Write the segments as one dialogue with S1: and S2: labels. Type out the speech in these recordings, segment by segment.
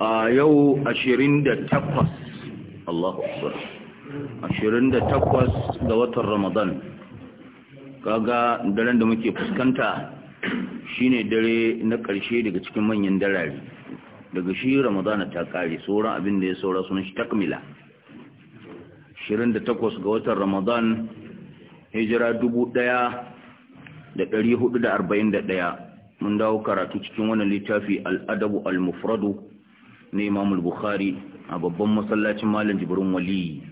S1: a yau 28 Allahu Akbar 28 ga watan Ramadan kaga daren da muke fuskanta shine dare na ƙarshe daga cikin manyan darare daga shi Ramadan ta kare sauran abin da ya saura sunan shi takmila 28 ga watan Ramadan hijira 1441 mun dawo karatu cikin wannan littafi al-adabu al-mufradu na imam bukhari a babban masallacin malam jibirin wali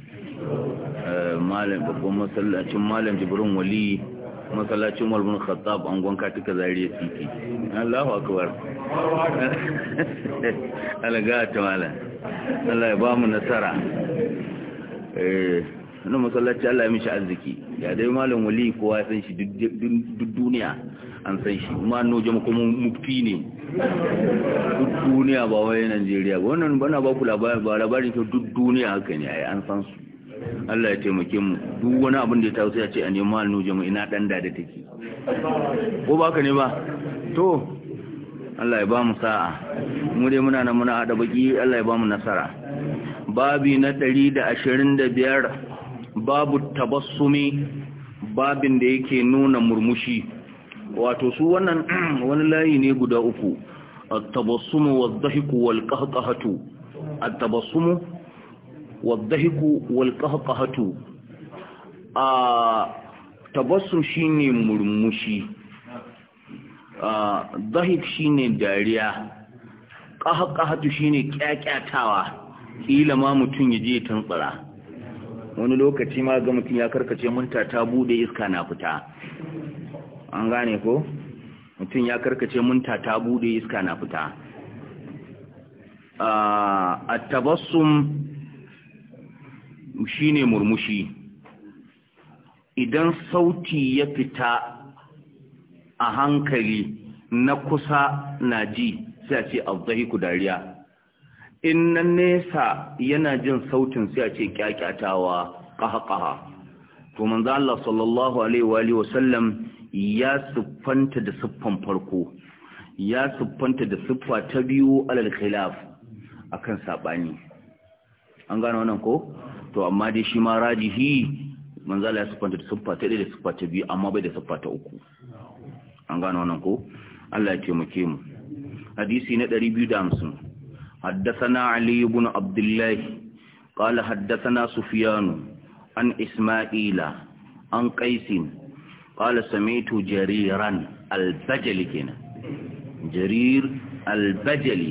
S1: eh, babban masallacin malam jibrin wali masallacin walbun khattab an gwanka tuka zariya titi allahu akbar alagata ta malam allah ya ba mu nasara eh, wani masallaci allah ya mishi arziki ya dai malam wali kowa ya san shi duk duniya an san shi ma noje kuma mukti ne duk duniya ba wai Najeriya ba wannan bana ba ku labarin ba labarin duk duniya haka ne ai an san su Allah ya taimake mu duk wani abin da ya sai a ce a nemi al noje mu ina dan da da take ko ba ka ne ba to Allah ya ba mu sa'a mu dai muna nan muna hada baki Allah ya ba mu nasara babi na 125 babu tabassumi babin da yake nuna murmushi wato su wannan wani layi ne guda uku attabassumu wa wadh-dhahiku wal-qahqahatu at-tabassumu dhahiku wal-qahqahatu a tabassum shine murmushi a dhahik shine dariya qahqahatu shine kyakyatawa kila ma mutun yaje tantsara wani lokaci ma ga mutun ya karkace mun ta bude iska na fita an gane ko mutum ya karkace munta ta bude iska na fita a tabassum shine murmushi idan sauti ya fita a hankali na kusa na ji sai a ce ku dariya in na nesa yana jin sautin sai a ce kyakyatawa ƙaha-ƙaha to manzo Allah sallallahu alaihi wa sallam ya siffanta da siffan farko ya siffanta da siffa ta biyu alal khilaf akan sabani an gano wannan ko to amma dai shi ma rajihi manzo Allah ya siffanta da siffa ta da siffa ta biyu amma bai da siffa ta uku an gano wannan ko Allah ya taimake mu hadisi na 250 haddathana Ali ibn abdullah qala haddathana sufyan an isma'ila an qaisin qala samitu jariran al-bajali kenan jarir al-bajali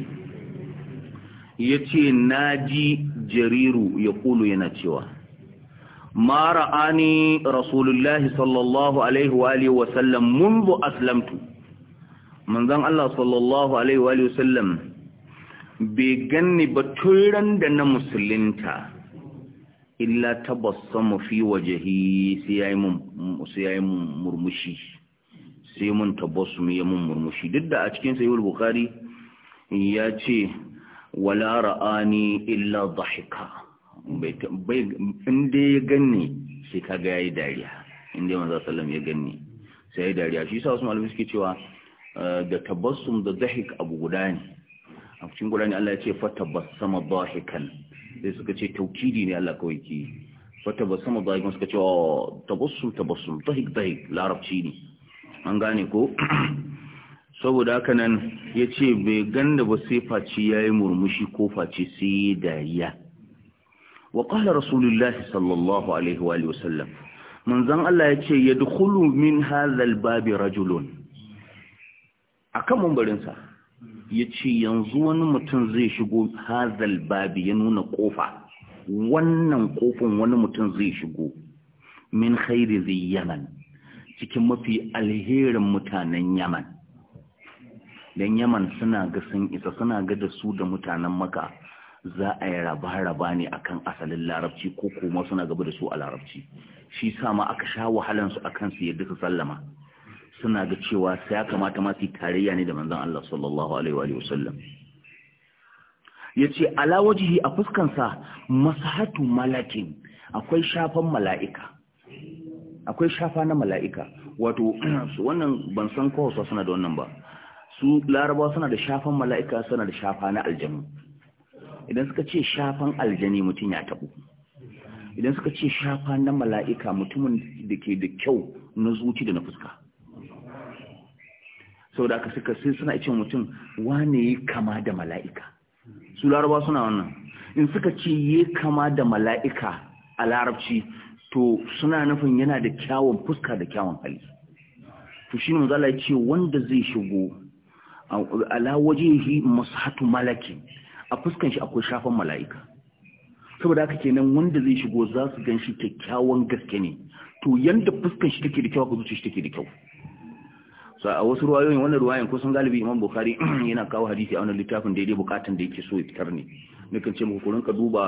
S1: yace naji jariru ya kulu yana cewa mara ra'ani rasulullahi sallallahu alaihi wa alihi wa sallam منذ aslamtu manzon Allah sallallahu alaihi wa alihi wa sallam bai ganni ba tun da na musulunta illa tabassamu fi wajhi sai ya yi mun murmushi sai mun tabassumi ya mun murmushi duk da a cikin sahih bukari ya ce wala ra'ani illa zahika inda ya ganni sai ya yi dariya inda manzo sallam ya ganni sai ya yi dariya shi sa wasu malamai suke cewa eh, da tabassum da dhahik abu guda ne a cikin guda ne Allah ya ce fa tabassama zahikan. sai suka ce taukidi ne Allah kawai ke wata ba sama ba suka ce oh, tabassul tabassul tahik tahik larabci ne an gane ko saboda haka nan ya ce bai ganda ba sai face ya yi murmushi ko face sai dariya wa ƙala rasulullahi sallallahu alaihi wa sallam manzan Allah ya ce ya dukulu min hazal babi rajulun a kan mambarinsa ya ce yanzu wani mutum zai shigo hazal babi ya nuna kofa wannan kofin wani mutum zai shigo min khairi zai yaman cikin mafi alherin mutanen yaman don yaman suna ga sun isa suna ga da su da mutanen maka za a yi raba-raba ne akan asalin larabci ko kuma suna gaba da su a larabci shi sama aka sha wahalansu a su yadda su sallama suna ga cewa sai ya kamata ma su tarayya ne da manzon Allah sallallahu alaihi wa sallam yace ala wajihi a fuskan sa masahatu malakin akwai shafan mala'ika akwai shafa na mala'ika wato wannan ban san ko su suna da wannan ba su laraba suna da shafan mala'ika suna da shafa na aljanu idan suka ce shafan aljani mutum ya tabu idan suka ce shafa na mala'ika mutumin da ke da kyau na zuci da na fuska saboda aka suka sai suna ce mutum wane yi kama da mala'ika su laraba suna wannan in suka ce yi kama da mala'ika a larabci to suna nufin yana da kyawun fuska da kyawun hali to shi ne mazala ce wanda zai shigo ala wajehi masahatu malaki a fuskan shi akwai shafan mala'ika saboda haka nan wanda zai shigo za su gan shi kyakkyawan gaske ne to yadda fuskan shi take da kyau ka zuci shi take da kyau sa a wasu ruwayoyin wannan ruwayan kusan galibi imam bukhari yana kawo hadisi a wannan littafin daidai bukatun da yake so ya fitar ne nukan ce muku rinka duba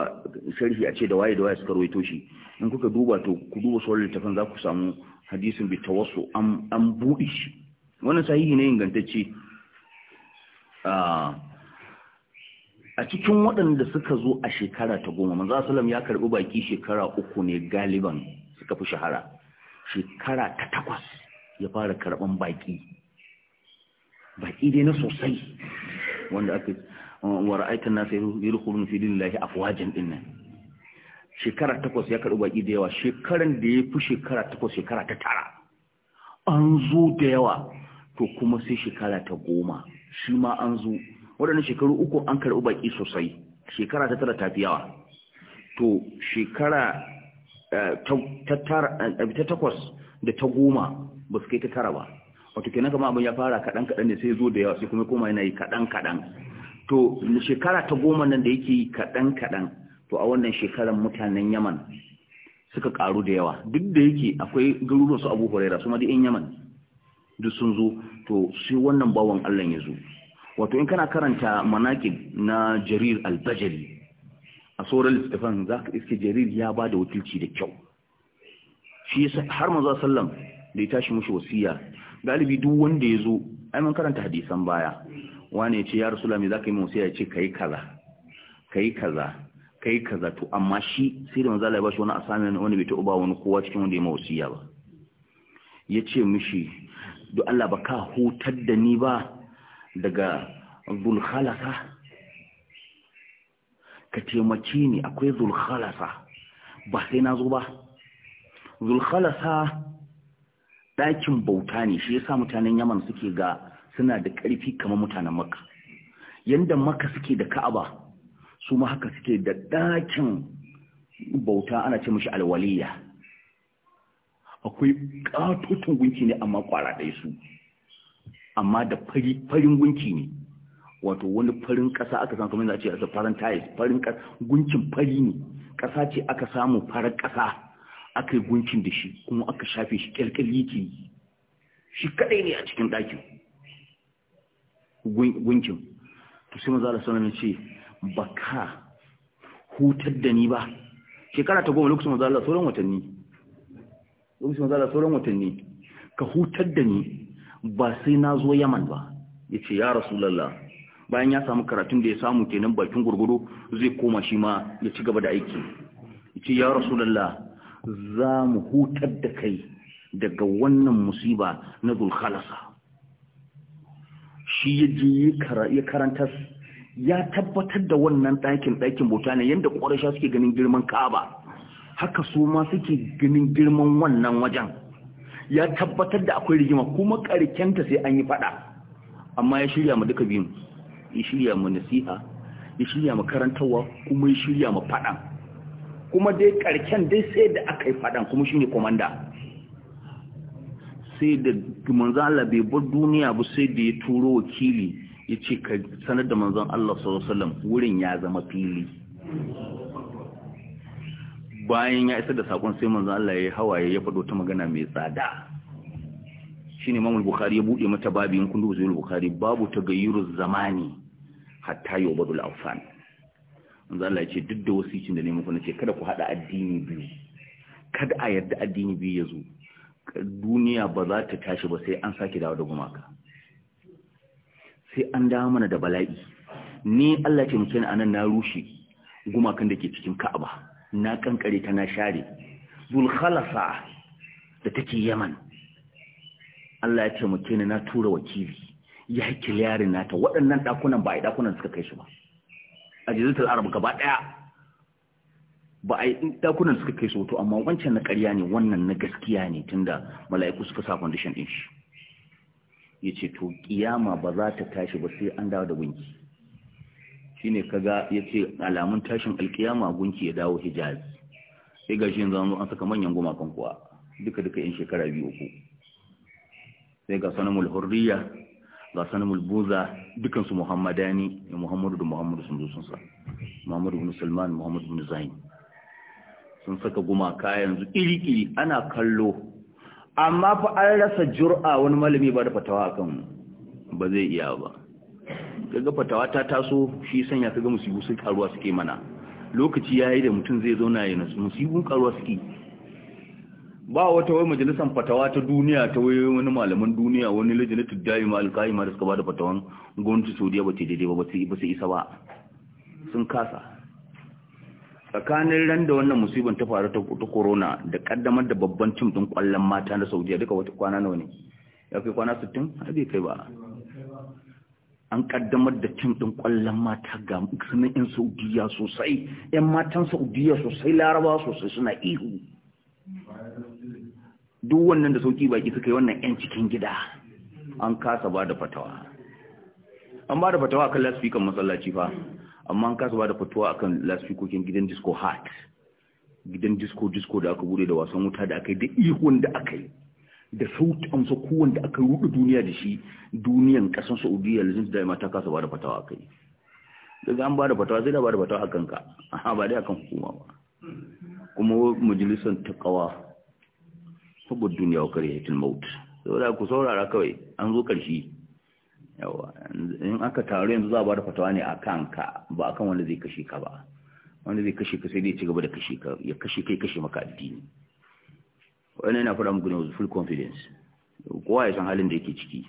S1: sharhi a ce da waye da waye suka rawaito shi in kuka duba to ku duba sauran littafin za ku samu hadisin bi tawassu an an buɗe shi wannan sahihi ne ingantacce a cikin waɗanda suka zo a shekara ta goma manzo sallam ya karbi baki shekara uku ne galiban suka fi shahara shekara ta takwas ya fara karɓan baƙi baƙi dai na sosai wanda aka wa ra'aitan nasu filin fi dinillahi ɗin dinnan shekara takwas ya karɓi baƙi da yawa shekaran da ya fi shekara takwas shekara ta tara an zo da yawa to kuma sai shekara ta goma shi ma an zo waɗannan shekaru uku an karɓi baƙi sosai shekara ta tara ta fi yawa to shekara eh, eh, ta takwas da ta goma ba su kai ta tara ba wato kenan kama abin ya fara kaɗan kaɗan ne sai zo da yawa sai kuma koma yana yi kaɗan kaɗan to shekara ta goma nan da yake yi kaɗan kaɗan to a wannan shekarar mutanen yaman suka ƙaru da yawa duk da yake akwai garuruwan su abu huraira su ma da yan yaman duk sun zo to sai wannan bawan allah ya zo wato in kana karanta manakin na jarir albajali a sauran littafin za ka iske jarir ya ba da wakilci da kyau shi har manzo sallam da ya tashi mushi wasiya galibi duk wanda ya zo ai mun karanta hadisan baya wani ya ce ya rasula me zaka yi mun wasiya ya ce kai kaza kai kaza kai kaza to amma shi sai da manzo Allah ya bashi wani assignment wani bai taɓa wani kowa cikin wanda ya ma wasiya ba ya ce mishi duk Allah ba ka hutar da ni ba daga zulkhalasa ka taimaki ni akwai zulkhalasa ba sai na zo ba zulkhalasa ɗakin bauta ne shi yasa mutanen yaman suke ga suna da ƙarfi kamar mutanen maka. yanda maka suke da ka'aba su ma haka suke da ɗakin bauta ana ce mashi alwaliya akwai ƙatoton gunki ne amma ƙwara ɗaya su amma da farin gunki ne wato wani farin ƙasa aka san kamar za a ce a farin tayis farin gunkin fari ne ƙasa ce aka samu farin ƙasa aka yi gunkin da shi kuma aka shafe shi kyalkyal yake yi shi kadai ne a cikin ɗakin gunkin to sai maza da sanar ce ba ka hutar da ni ba shekara ta goma lokacin maza sauran watanni lokacin maza sauran watanni ka hutar da ni ba sai na zo yaman ba ya ce ya lalla bayan ya samu karatun da ya samu kenan bakin gurguru zai koma shi ma ya ci gaba da aiki ya ce ya lalla za mu hutar da kai daga wannan musiba na zulkhalasa
S2: shi ya je
S1: ya karantar ya tabbatar da wannan ɗakin ɗakin bauta ne yadda ƙwarasha suke ganin girman ka'aba haka su ma suke ganin girman wannan wajen ya tabbatar da akwai rigima kuma ƙarƙenta sai an yi faɗa amma ya shirya mu duka biyun ya shirya mu nasiha ya shirya mu karantarwa kuma ya shirya mu faɗa kuma dai karken dai sai da aka yi fadan kuma shine komanda sai da manzan Allah bai bar duniya ba sai da ya turo wakili ya ce ka sanar da Manzan Allah sallallahu alaihi wurin ya zama fili bayan ya isa da sakon sai manzan Allah ya hawaye ya fado ta magana mai tsada shine mamul Bukhari ya buɗe mata babu in kun duba Bukhari babu ta gayyuru zamani hatta yubadul afan manzo Allah ya ce duk da wasicin da ne muku ce kada ku hada addini biyu kada a yarda addini biyu ya zo duniya ba za ta tashi ba sai an sake dawo da gumaka sai an dawo mana da bala'i ni Allah ce muke anan na rushe gumakan da ke cikin Ka'aba na kankare ta na share zul khalasa da take Yaman Allah ya ce muke na tura wakili ya hakili yarin nata waɗannan dakunan ba ai dakunan suka kai shi ba a jizitar arab gaba daya ba a yi dakunan suka kai soto amma wancan na karya ne wannan na gaskiya ne tunda mala'iku suka sa foundation din shi ya ce to kiyama ba za ta tashi ba sai an dawo da gunki shine kaga ya ce alamun tashin alkiyama gunki ya dawo hijaz sai ga shi yanzu an saka manyan gumakan kuwa duka duka yan shekara biyu uku sai ga sanamul hurriya ga sanamul dukansu muhammadani ne muhammadu da muhammadu sun zo sun sa muhammadu bin sulman muhammadu bin zain sun saka gumaka yanzu iri-iri ana kallo amma fa an rasa jur'a wani malami ba da fatawa kan ba zai iya ba kaga fatawa ta taso shi sanya kaga musibu sun karuwa suke mana lokaci yayi da mutum zai zauna ya nasu musibun karuwa suke ba wata wai majalisar fatawa ta duniya ta wai wani malaman duniya wani lajinatu daima alƙa'ima da suka ba da fatawan gwamnati saudiya ba ce daidai ba ba su isa ba sun kasa tsakanin ran da wannan musibin ta faru ta corona da kaddamar da babban cin din kwallon mata na saudiya duka wata kwana nawa ne ya kai kwana 60 har bai kai ba an kaddamar da cin din kwallon mata ga sunan yan saudiya sosai yan matan saudiya sosai laraba sosai suna ihu duk wannan da sauki baki suka yi wannan yan cikin gida an kasa ba da fatawa an ba da fatawa kan lasfikan masallaci fa amma an kasa ba da fatawa akan lasfikokin gidan disco heart gidan disco disco da aka bude da wasan wuta da aka yi da ihun da aka yi da sauti amsa kowanne da aka rudu duniya da shi duniyan kasan saudiya lalzin da ta kasa ba da fatawa aka yi daga an ba da fatawa sai da ba da fatawa akan ka ba dai akan hukuma ba kuma majalisar ta kawa hubbud duniya wa kare karihatul maut saboda ku saurara kawai an zo karshe yawa in aka taru yanzu za a bada fatawa ne kan ka ba a kan wanda zai kashe ka ba wanda zai kashe ka sai dai ci gaba da kashe ka ya kashe kai kashe maka addini wannan yana fara muku ne with full confidence kowa ya san halin da yake ciki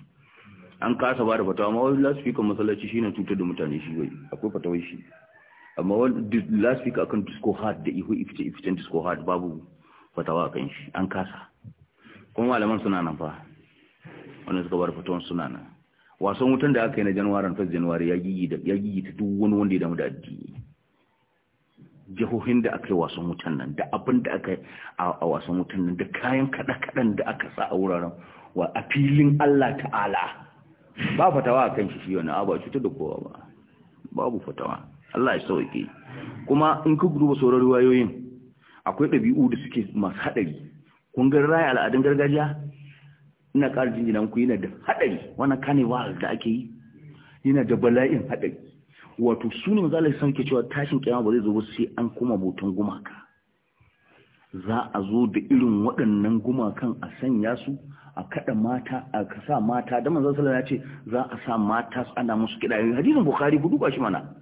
S1: an kasa bada fatawa amma wani lasfika masallaci shine tutar da mutane shi zai akwai fatawai shi amma wani lasfika akan disco hard da ihu ifce ifcen disco hard babu fatawa kan shi an kasa kuma malaman suna nan fa wani suka bar fitowar suna nan wasan wutan da aka yi na na fas januwari ya gigi ta duk wani wanda ya damu da addini jihohin da aka yi wasan wutan nan da abin da aka yi a wasan wutan nan da kayan kaɗa-kaɗan da aka sa a wuraren wa a filin Allah ta'ala ba fatawa kan shi shi wani abu a cutar da kowa ba babu fatawa Allah ya sauke kuma in ka ba sauran riwayoyin akwai ɗabi'u da suke masu haɗari kun ga raya al'adun gargajiya ina ƙara jinjina ku yana da haɗari wannan carnival da ake yi yana da bala'in haɗari wato su ne san ke cewa tashin kyama ba zai zo ba sai an kuma boton gumaka za a zo da irin waɗannan gumakan a sanya su a kaɗa mata a sa mata da manzon sallallahu ya ce za a sa mata su ana musu kiɗa hadisin bukhari gudu ba shi mana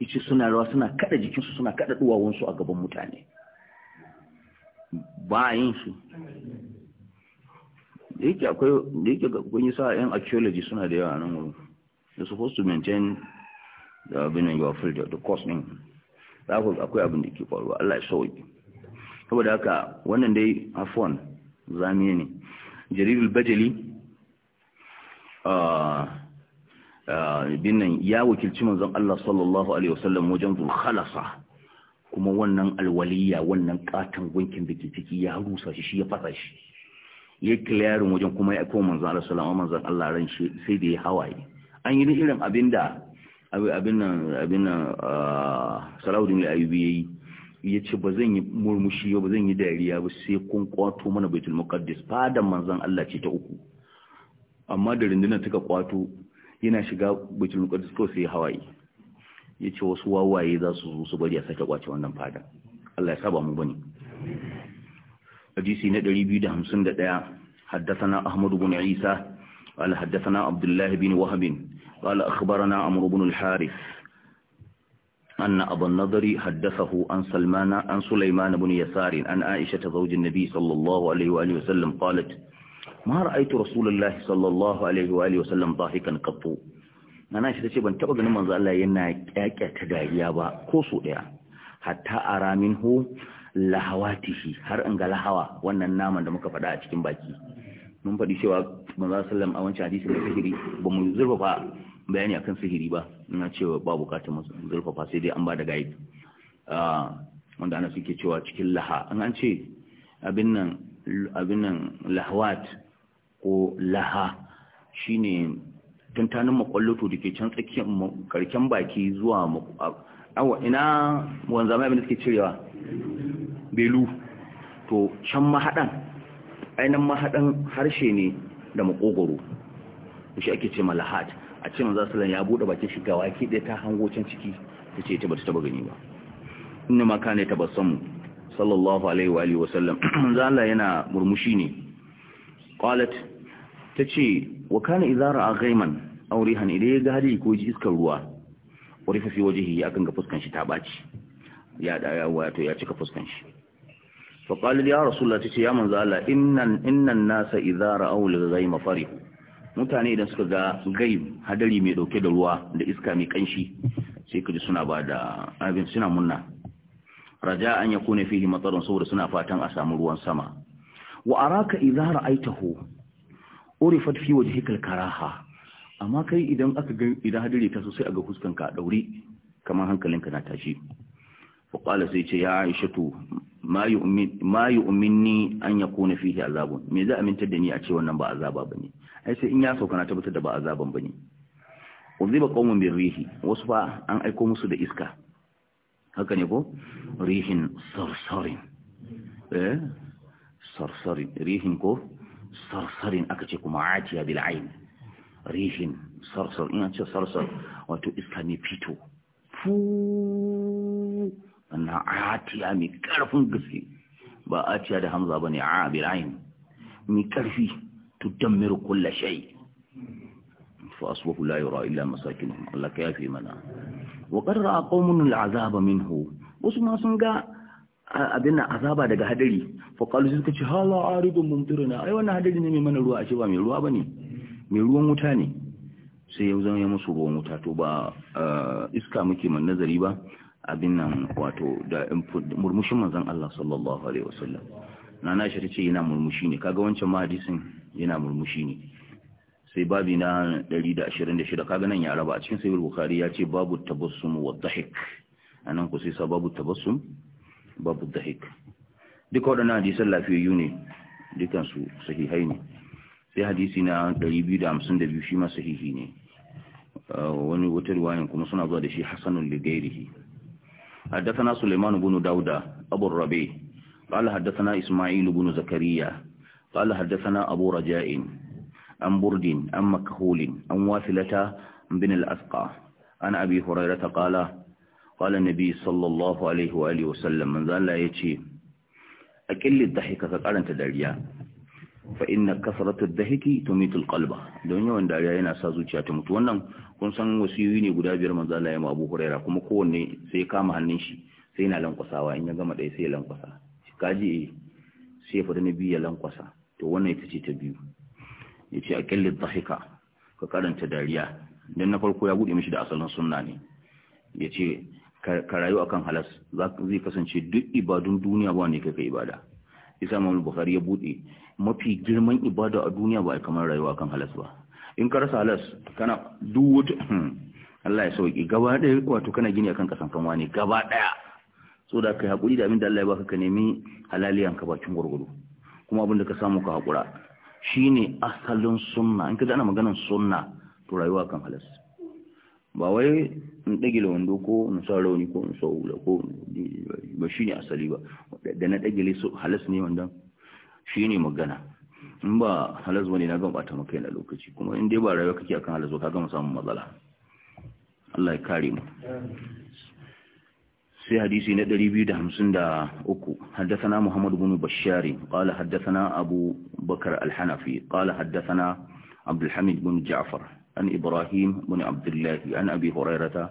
S1: yace suna rawa suna kaɗa jikinsu suna kaɗa duwawunsu a gaban mutane ba yin shi da yake akwai da yake kun yi sa yan archaeology suna da yawa nan wurin da supposed to maintain the abinan your field the cost ne. za ku akwai abin da ke faruwa Allah ya sauki saboda haka wannan dai afon zamiye ne jarirul bajali ah, ah, binnan ya wakilci manzon Allah sallallahu alaihi wasallam wajen halasa. kuma wannan alwaliya wannan katon gunkin da ke ciki ya rusa shi ya fasa shi ya kilayarin wajen kuma ya aiko manzan Allah salama manzan Allah ran shi sai da ya hawaye an yi irin abin da abin nan abin nan salahuddin al ya ce ba zan yi murmushi ba zan yi dariya ba sai kun kwato mana baitul muqaddis fadan manzan Allah ce ta uku amma da rindunan suka kwato yana shiga baitul muqaddis ko sai hawaye ya ce wasu wawaye za su zo su bari a sake kwace wannan fada Allah ya saba mu bane hadisi na 251 haddathana ahmad ibn isa قال حدثنا عبد الله بن وهب قال أخبرنا عمرو بن الحارث أن أبا النضر حدثه عن سلمان عن سليمان بن يسار عن عائشة زوج النبي صلى الله عليه وآله وسلم قالت ما رأيت رسول الله صلى الله عليه وآله وسلم ضاحكا قط nana shi tace ban taba ganin manzo Allah yana ta dariya ba ko so ɗaya. hatta ramin hu lahawatihi har an ga lahawa wannan naman da muka faɗa a cikin baki mun faɗi cewa manzo sallam a wancan hadisi da sihiri ba mu zurfafa bayani akan sihiri ba ina cewa ba bukatar mu zurfafa sai dai an ba da guide ah, wanda ana suke cewa cikin laha an an ce abin nan abin nan lahawat ko laha shine tantanin makwalloto da ke can tsakiyar karken baki zuwa awa ina wanzama abin da suke cirewa belu to can mahaɗan ainihin mahaɗan harshe ne da makogoro shi ake ce malahat a ce manzo sallan ya bude bakin shi gawa ki da ta hango can ciki ce ta bata taba gani ba inna ma kana tabassamu sallallahu alaihi wa alihi wa sallam manzo Allah yana murmushi ne qalat ta ce wa kana izara a gaiman aure hana idan ya ga ko ji iskar ruwa wani fafi waje ya akan ga fuskan shi ta ɓaci ya ɗaya wato ya cika fuskan shi faƙali ya rasulullah ta ce ya manzo Allah innan nasa izara aure gaima farihu mutane idan suka ga gaim hadari mai ɗauke da ruwa da iska mai ƙanshi sai kaji suna ba da abin suna munna raja an ya kone fihi matsarin saboda suna fatan a samu ruwan sama wa araka idza ra'aitahu urifat fi wajhikal karaha amma kai idan aka ga idan hadiri ta sosai a ga fuskanka a daure kamar hankalinka na tashi fa qala sai ce ya aishatu ma yu'min ma yu'minni an yakuna fihi azabun me za aminta da ni a ce wannan ba azaba bane ai sai in ya sauka na tabbatar da ba azaban bane uziba qaumun birrihi wasu fa an aiko musu da iska haka ne ko rihin
S2: sarsarin
S1: eh sarsarin rihin ko صرصر أكتشي كمعاتيا بالعين ريح صرصر إن أكتشي صرصر واتو إسلامي بيتو فو أنها عاتيا مكارف قسي بأتيا دا حمزة بني عا بالعين مكارفي تدمر كل شيء فأصبح لا يرى إلا مساكنهم الله كافي منا وقرأ قوم العذاب منه وسمع سنقاء abin nan azaba daga hadari fa qalu suka ce hala aridun mumtiruna ai wannan hadari ne mai mana ruwa ashe ba mai ruwa bane mai ruwan wuta ne sai yau zan yi musu ruwan wuta to ba iska muke man nazari ba abin nan wato da murmushin manzon Allah sallallahu alaihi wasallam nana shi ce yana murmushi ne kaga wancan ma hadisin yana murmushi ne sai babi na 126 kaga nan ya raba a cikin sahih bukhari ya ce babu tabassum wa dhahik anan ku sai sababu tabassum babu dahik duka waɗannan hadisan lafiyayyu ne dukansu sahihai ne sai hadisi na 252 shi ma sahihi ne uh, wani wata riwayan kuma suna zuwa da shi hasanun ligairihi حدثنا سليمان بن داود أبو الربيع قال حدثنا إسماعيل بن زكريا قال حدثنا أبو رجاء عن برد عن مكهول عن واثلة بن الأسقى عن أبي هريرة قال قال nabi sallallahu alaihi wa واله وسلم من ذا yace يجي dhahika ka karanta dariya فان inna الضحك تميت القلب qalba don yawan dariya yana sa zuciya ta mutu wannan kun san wasiyoyi ne guda biyar manzo Allah ya ma Abu Huraira kuma kowanne sai kama hannun shi sai yana lankwasawa in ya gama ɗaya sai ya lankwasa kaji sai fa na biya ya lankwasa to wannan ita ce ta biyu yace ce a dhahika ka karanta dariya dan na farko ya bude mishi da asalin sunna ne yace ka rayu akan halas zai kasance duk ibadun duniya ba ne kai ibada isa mamu bukhari ya bude mafi girman ibada a duniya ba kamar rayuwa akan halas ba in ka rasa halas kana duk wata hmm, Allah ya sauki gaba ɗaya wato kana gini akan kasan kan ne gaba daya so da kai hakuri da abin da Allah ya baka ka nemi halaliyan ka bakin gurguru kuma abinda ka samu ka hakura shine asalin sunna in ka ji ana maganar sunna to rayuwa kan halas ba wai in ɗagila wando ko in sa rauni ko in sa wula ko ba shi ne asali ba da na ɗagile su halas ne wanda shi ne magana in ba halas wani na ta makai na lokaci kuma in dai ba rayuwa kake akan halas ba ka gama samun matsala Allah ya kare mu sai hadisi na 253 haddathana muhammad bin bashari qala haddathana abu قال al-hanafi qala haddathana قال حدثنا عبد الحميد بن جعفر عن إبراهيم بن عبد الله عن أبي هريرة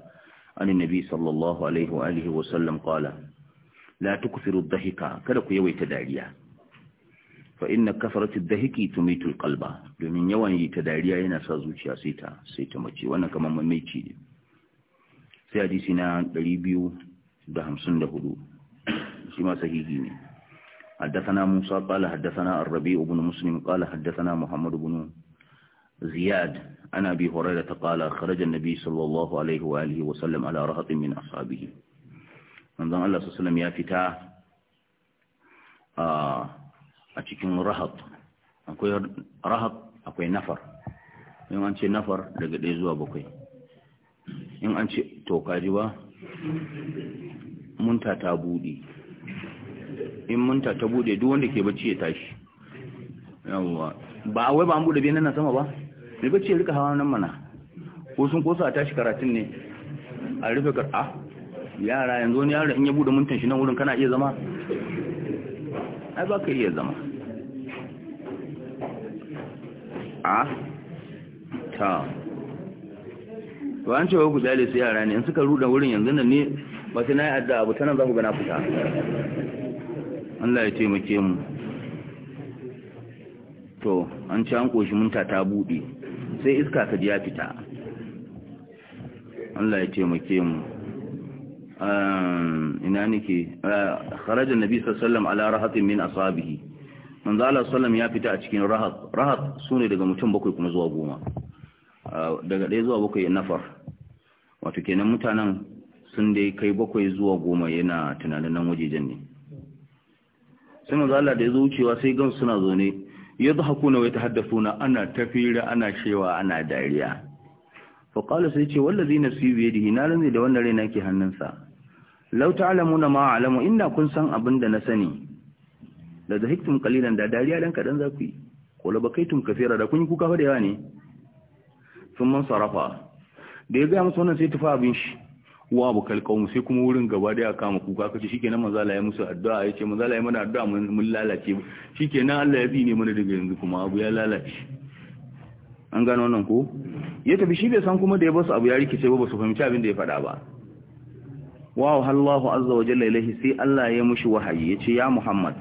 S1: عن النبي صلى الله عليه وآله وسلم قال لا تكثر الضحك كدك يويت داريا فإن كثرة الضحك تميت القلب domin yawan yi ta dariya yana sa zuciya sai ta sai ta mace wannan kamar mamaki ne sai hadisi na 254 shi ma sahihi ne حدثنا موسى قال حدثنا الربيع بن مسلم قال حدثنا محمد بن زياد عن أبي هريرة قال خرج النبي صلى الله عليه وآله وسلم على رهط من أصحابه من ذن الله صلى الله عليه وسلم أتكين رهط أكوي رهط أكوي نفر in an ce nafar daga ɗaya zuwa bakwai in an ba buɗe in munta ta duk wanda ke bacci ya tashi yawwa ba wai ba an buɗe biyan nan sama ba bai ya rika hawa nan mana ko sun ko a tashi karatun ne a rufe a yara yanzu wani yara in ya bude mintan shi nan wurin kana iya zama ai ba ka iya zama a ta to an cewa ku jale su yara ne in suka ruda wurin yanzu nan ne ba sai na yi adda abu ta nan za ku gana fita Allah ya taimake mu to an ci an koshi munta ta buɗe sai iska ta ji ya fita Allah ya taimake mu ina nake ah, kharaja nabi sallallahu ala rahatin min asabihi manzo Allah sallallahu ya fita a cikin rahat rahat sune daga mutum bakwai kuma zuwa goma ah, daga ɗaya zuwa bakwai nafar wato kenan mutanen sun dai kai bakwai zuwa goma yana tunanin nan wajejen ne sai manzo Allah da ya zo wucewa sai gan suna zaune ya kuna wai suna, ana tafira ana cewa ana dariya fa qala sai ce wallazi nafsi bi dihi na lanne da wannan raina ke hannunsa law ta'lamuna ma a'lamu inda kun san abin da na sani da zahiktum qalilan da dariya dan kadan za ku yi qul bakaitum kaseera da kun yi kuka fa yawa ne sun man sarafa da ya ga musu wannan sai tufa abin shi wa abu kalqawm sai kuma wurin gaba daya kama kuka kace shikenan manzo Allah ya musu addu'a yace manzo Allah ya mana addu'a mun lalace shikenan Allah ya tsine mana daga yanzu kuma abu ya lalace an gano nan ko ya tafi shi bai san kuma da ya basu abu ya rikice ba su fahimci abin da ya faɗa ba wa Allahu azza wa jalla ilahi sai Allah ya mushi wahayi yace ya Muhammad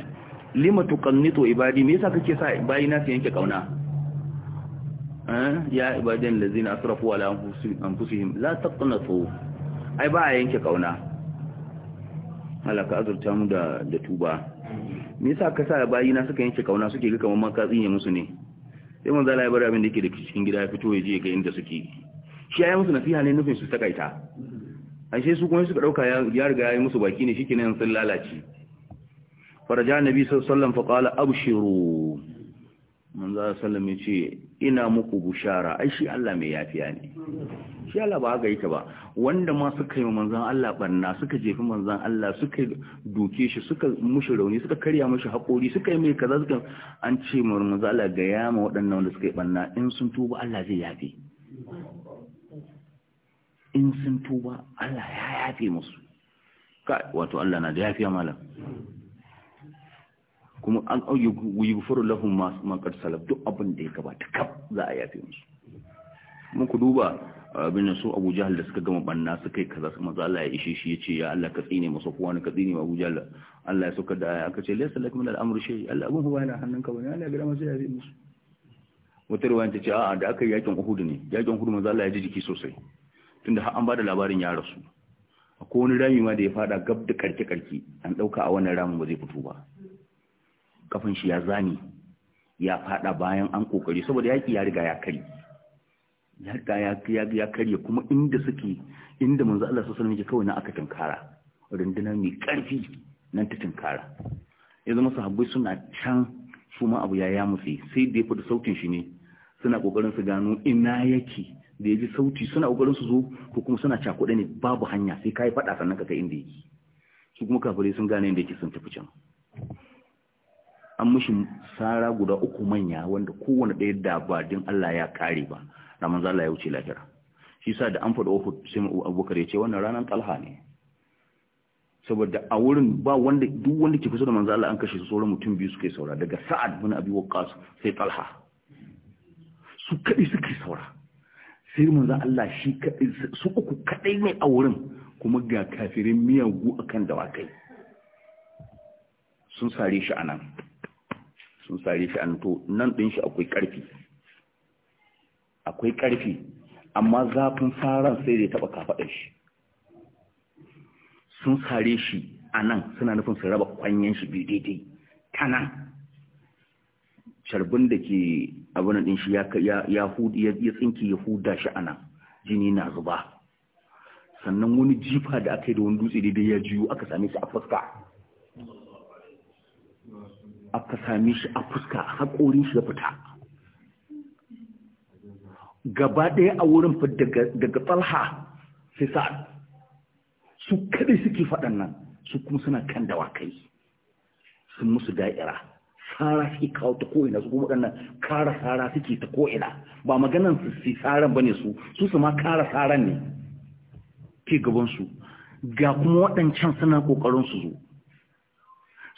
S1: lima tuqannitu ibadi me yasa kake sa bayina su yanke kauna eh, ya ibadan lazina asrafu ala anfusihim la taqnatu ai ba a yanke kauna halaka azurta mu da da tuba me yasa ka sa bayi na suka yanke kauna suke ga kamar makatsi ya musu ne sai manzo Allah ya bar abin da yake da cikin gida ya fito ya je ga inda suke shi ya musu nasiha ne nufin su takaita sai su kuma suka dauka ya riga yayi musu baki ne an sun lalace faraja annabi sallallahu alaihi wasallam fa qala abshiru manzo sallallahu alaihi wasallam yace ina muku bushara ai shi Allah mai yafiya ne shi Allah ba ga yake ba wanda ma suka yi manzon Allah banna suka jefi manzon Allah suka duke shi suka mushi rauni suka karya mushi hakuri suka yi mai kaza suka an ce mu manzon Allah ga ma waɗannan wanda suka yi banna in sun tuba Allah zai yafe in sun tuba Allah ya yafe musu ka wato Allah na da yafiya malam kuma an furu lahum masu makar salaf duk abin da ya gabata kaf za a yafe musu mun ku duba ah, abin su Abu Jahal da suka gama banna suka yi kaza kuma Allah ya ishe shi yace ya Allah ka tsine masa kowa ne ka tsine ma Abu Jahal Allah ya suka da aka ce laysa lakum min al-amru shay Allah abun huwa yana hannunka bane Allah ya gama masa ya musu wata ruwan ta ce a'a da aka yi yakin Uhud ne yakin Uhud manzo Allah ya ji jiki sosai tunda har an bada labarin ya rasu akwai wani rami ma da ya fada gab da karki karki an dauka a wannan ramin ba zai fito ba Kafin shi ya zani ya fada bayan an kokari saboda yaki ya riga ya kari ya riga ya ya karye kuma inda suke inda manzo Allah sallallahu alaihi wasallam kawai na aka tunkara runduna mai karfi nan ta tunkara Yanzu zama sahabbai suna can su ma abu ya ya mutse sai da ya fada sautin shi ne suna kokarin su gano ina yake da ya ji sauti suna kokarin su zo ko kuma suna cakuɗe ne babu hanya sai kai fada sannan ka kai inda yake su kuma kafirai sun gane inda yake sun tafi can an mishi sara guda uku manya wanda kowane ɗaya da ba din Allah ya kare ba na manzo Allah ya wuce lafiya shi sa da an faɗa Uhud sai Abubakar ya ce wannan ranar Talha ne saboda a wurin ba wanda duk wanda ke kusa da manzo Allah an kashe su sauran mutum biyu suka yi saura daga Sa'ad bin Abi Waqqas sai Talha su kadai suka yi saura sai manzo Allah shi kadai su uku kadai ne a wurin kuma ga kafirin miyagu akan dawakai sun sare shi anan sun sare shi an to nan ɗin shi akwai ƙarfi akwai ƙarfi amma zafin faran sai da taɓa kafaɗar shi sun sare shi a nan suna nufin su raba kwanyen shi biyu daidai ta nan sharbin da ke abin ɗin shi ya tsinki ya huda shi a nan jini na zuba sannan wani jifa da aka yi da wani dutse daidai ya jiyo aka same shi a fuska aka sami shi a fuska haƙorin shi da fita gaba ɗaya a wurin daga tsalha sai sa'ad su kaɗai suke faɗan nan su kuma suna kan dawakai sun musu da'ira tsara suke kawo ta ko'ina su kuma waɗannan kara tsara suke ta ko'ina ba maganan su sai tsaran ba ne su su su ma kara tsaran ne ke gabansu ga kuma waɗancan suna ƙoƙarin su zo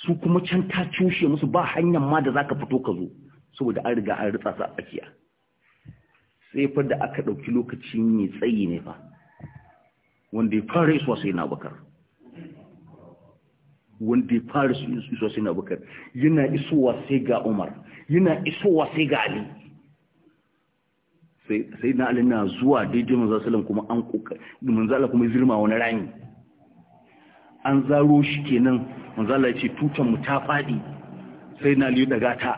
S1: su kuma can ta cushe musu ba hanyar ma da za ka fito ka zo saboda an riga an ritsa su a tsakiya sai fa da aka ɗauki lokaci mai tsayi ne fa wanda ya fara isuwa sai na bakar wanda ya fara isuwa sai na bakar yana isowa sai ga umar yana isowa sai ga ali sai na alina zuwa daidai manzo kuma an kokari manzo Allah kuma zirma wani rami an zaro shi kenan manzala ce tutan mu ta faɗi sai na liyu daga ta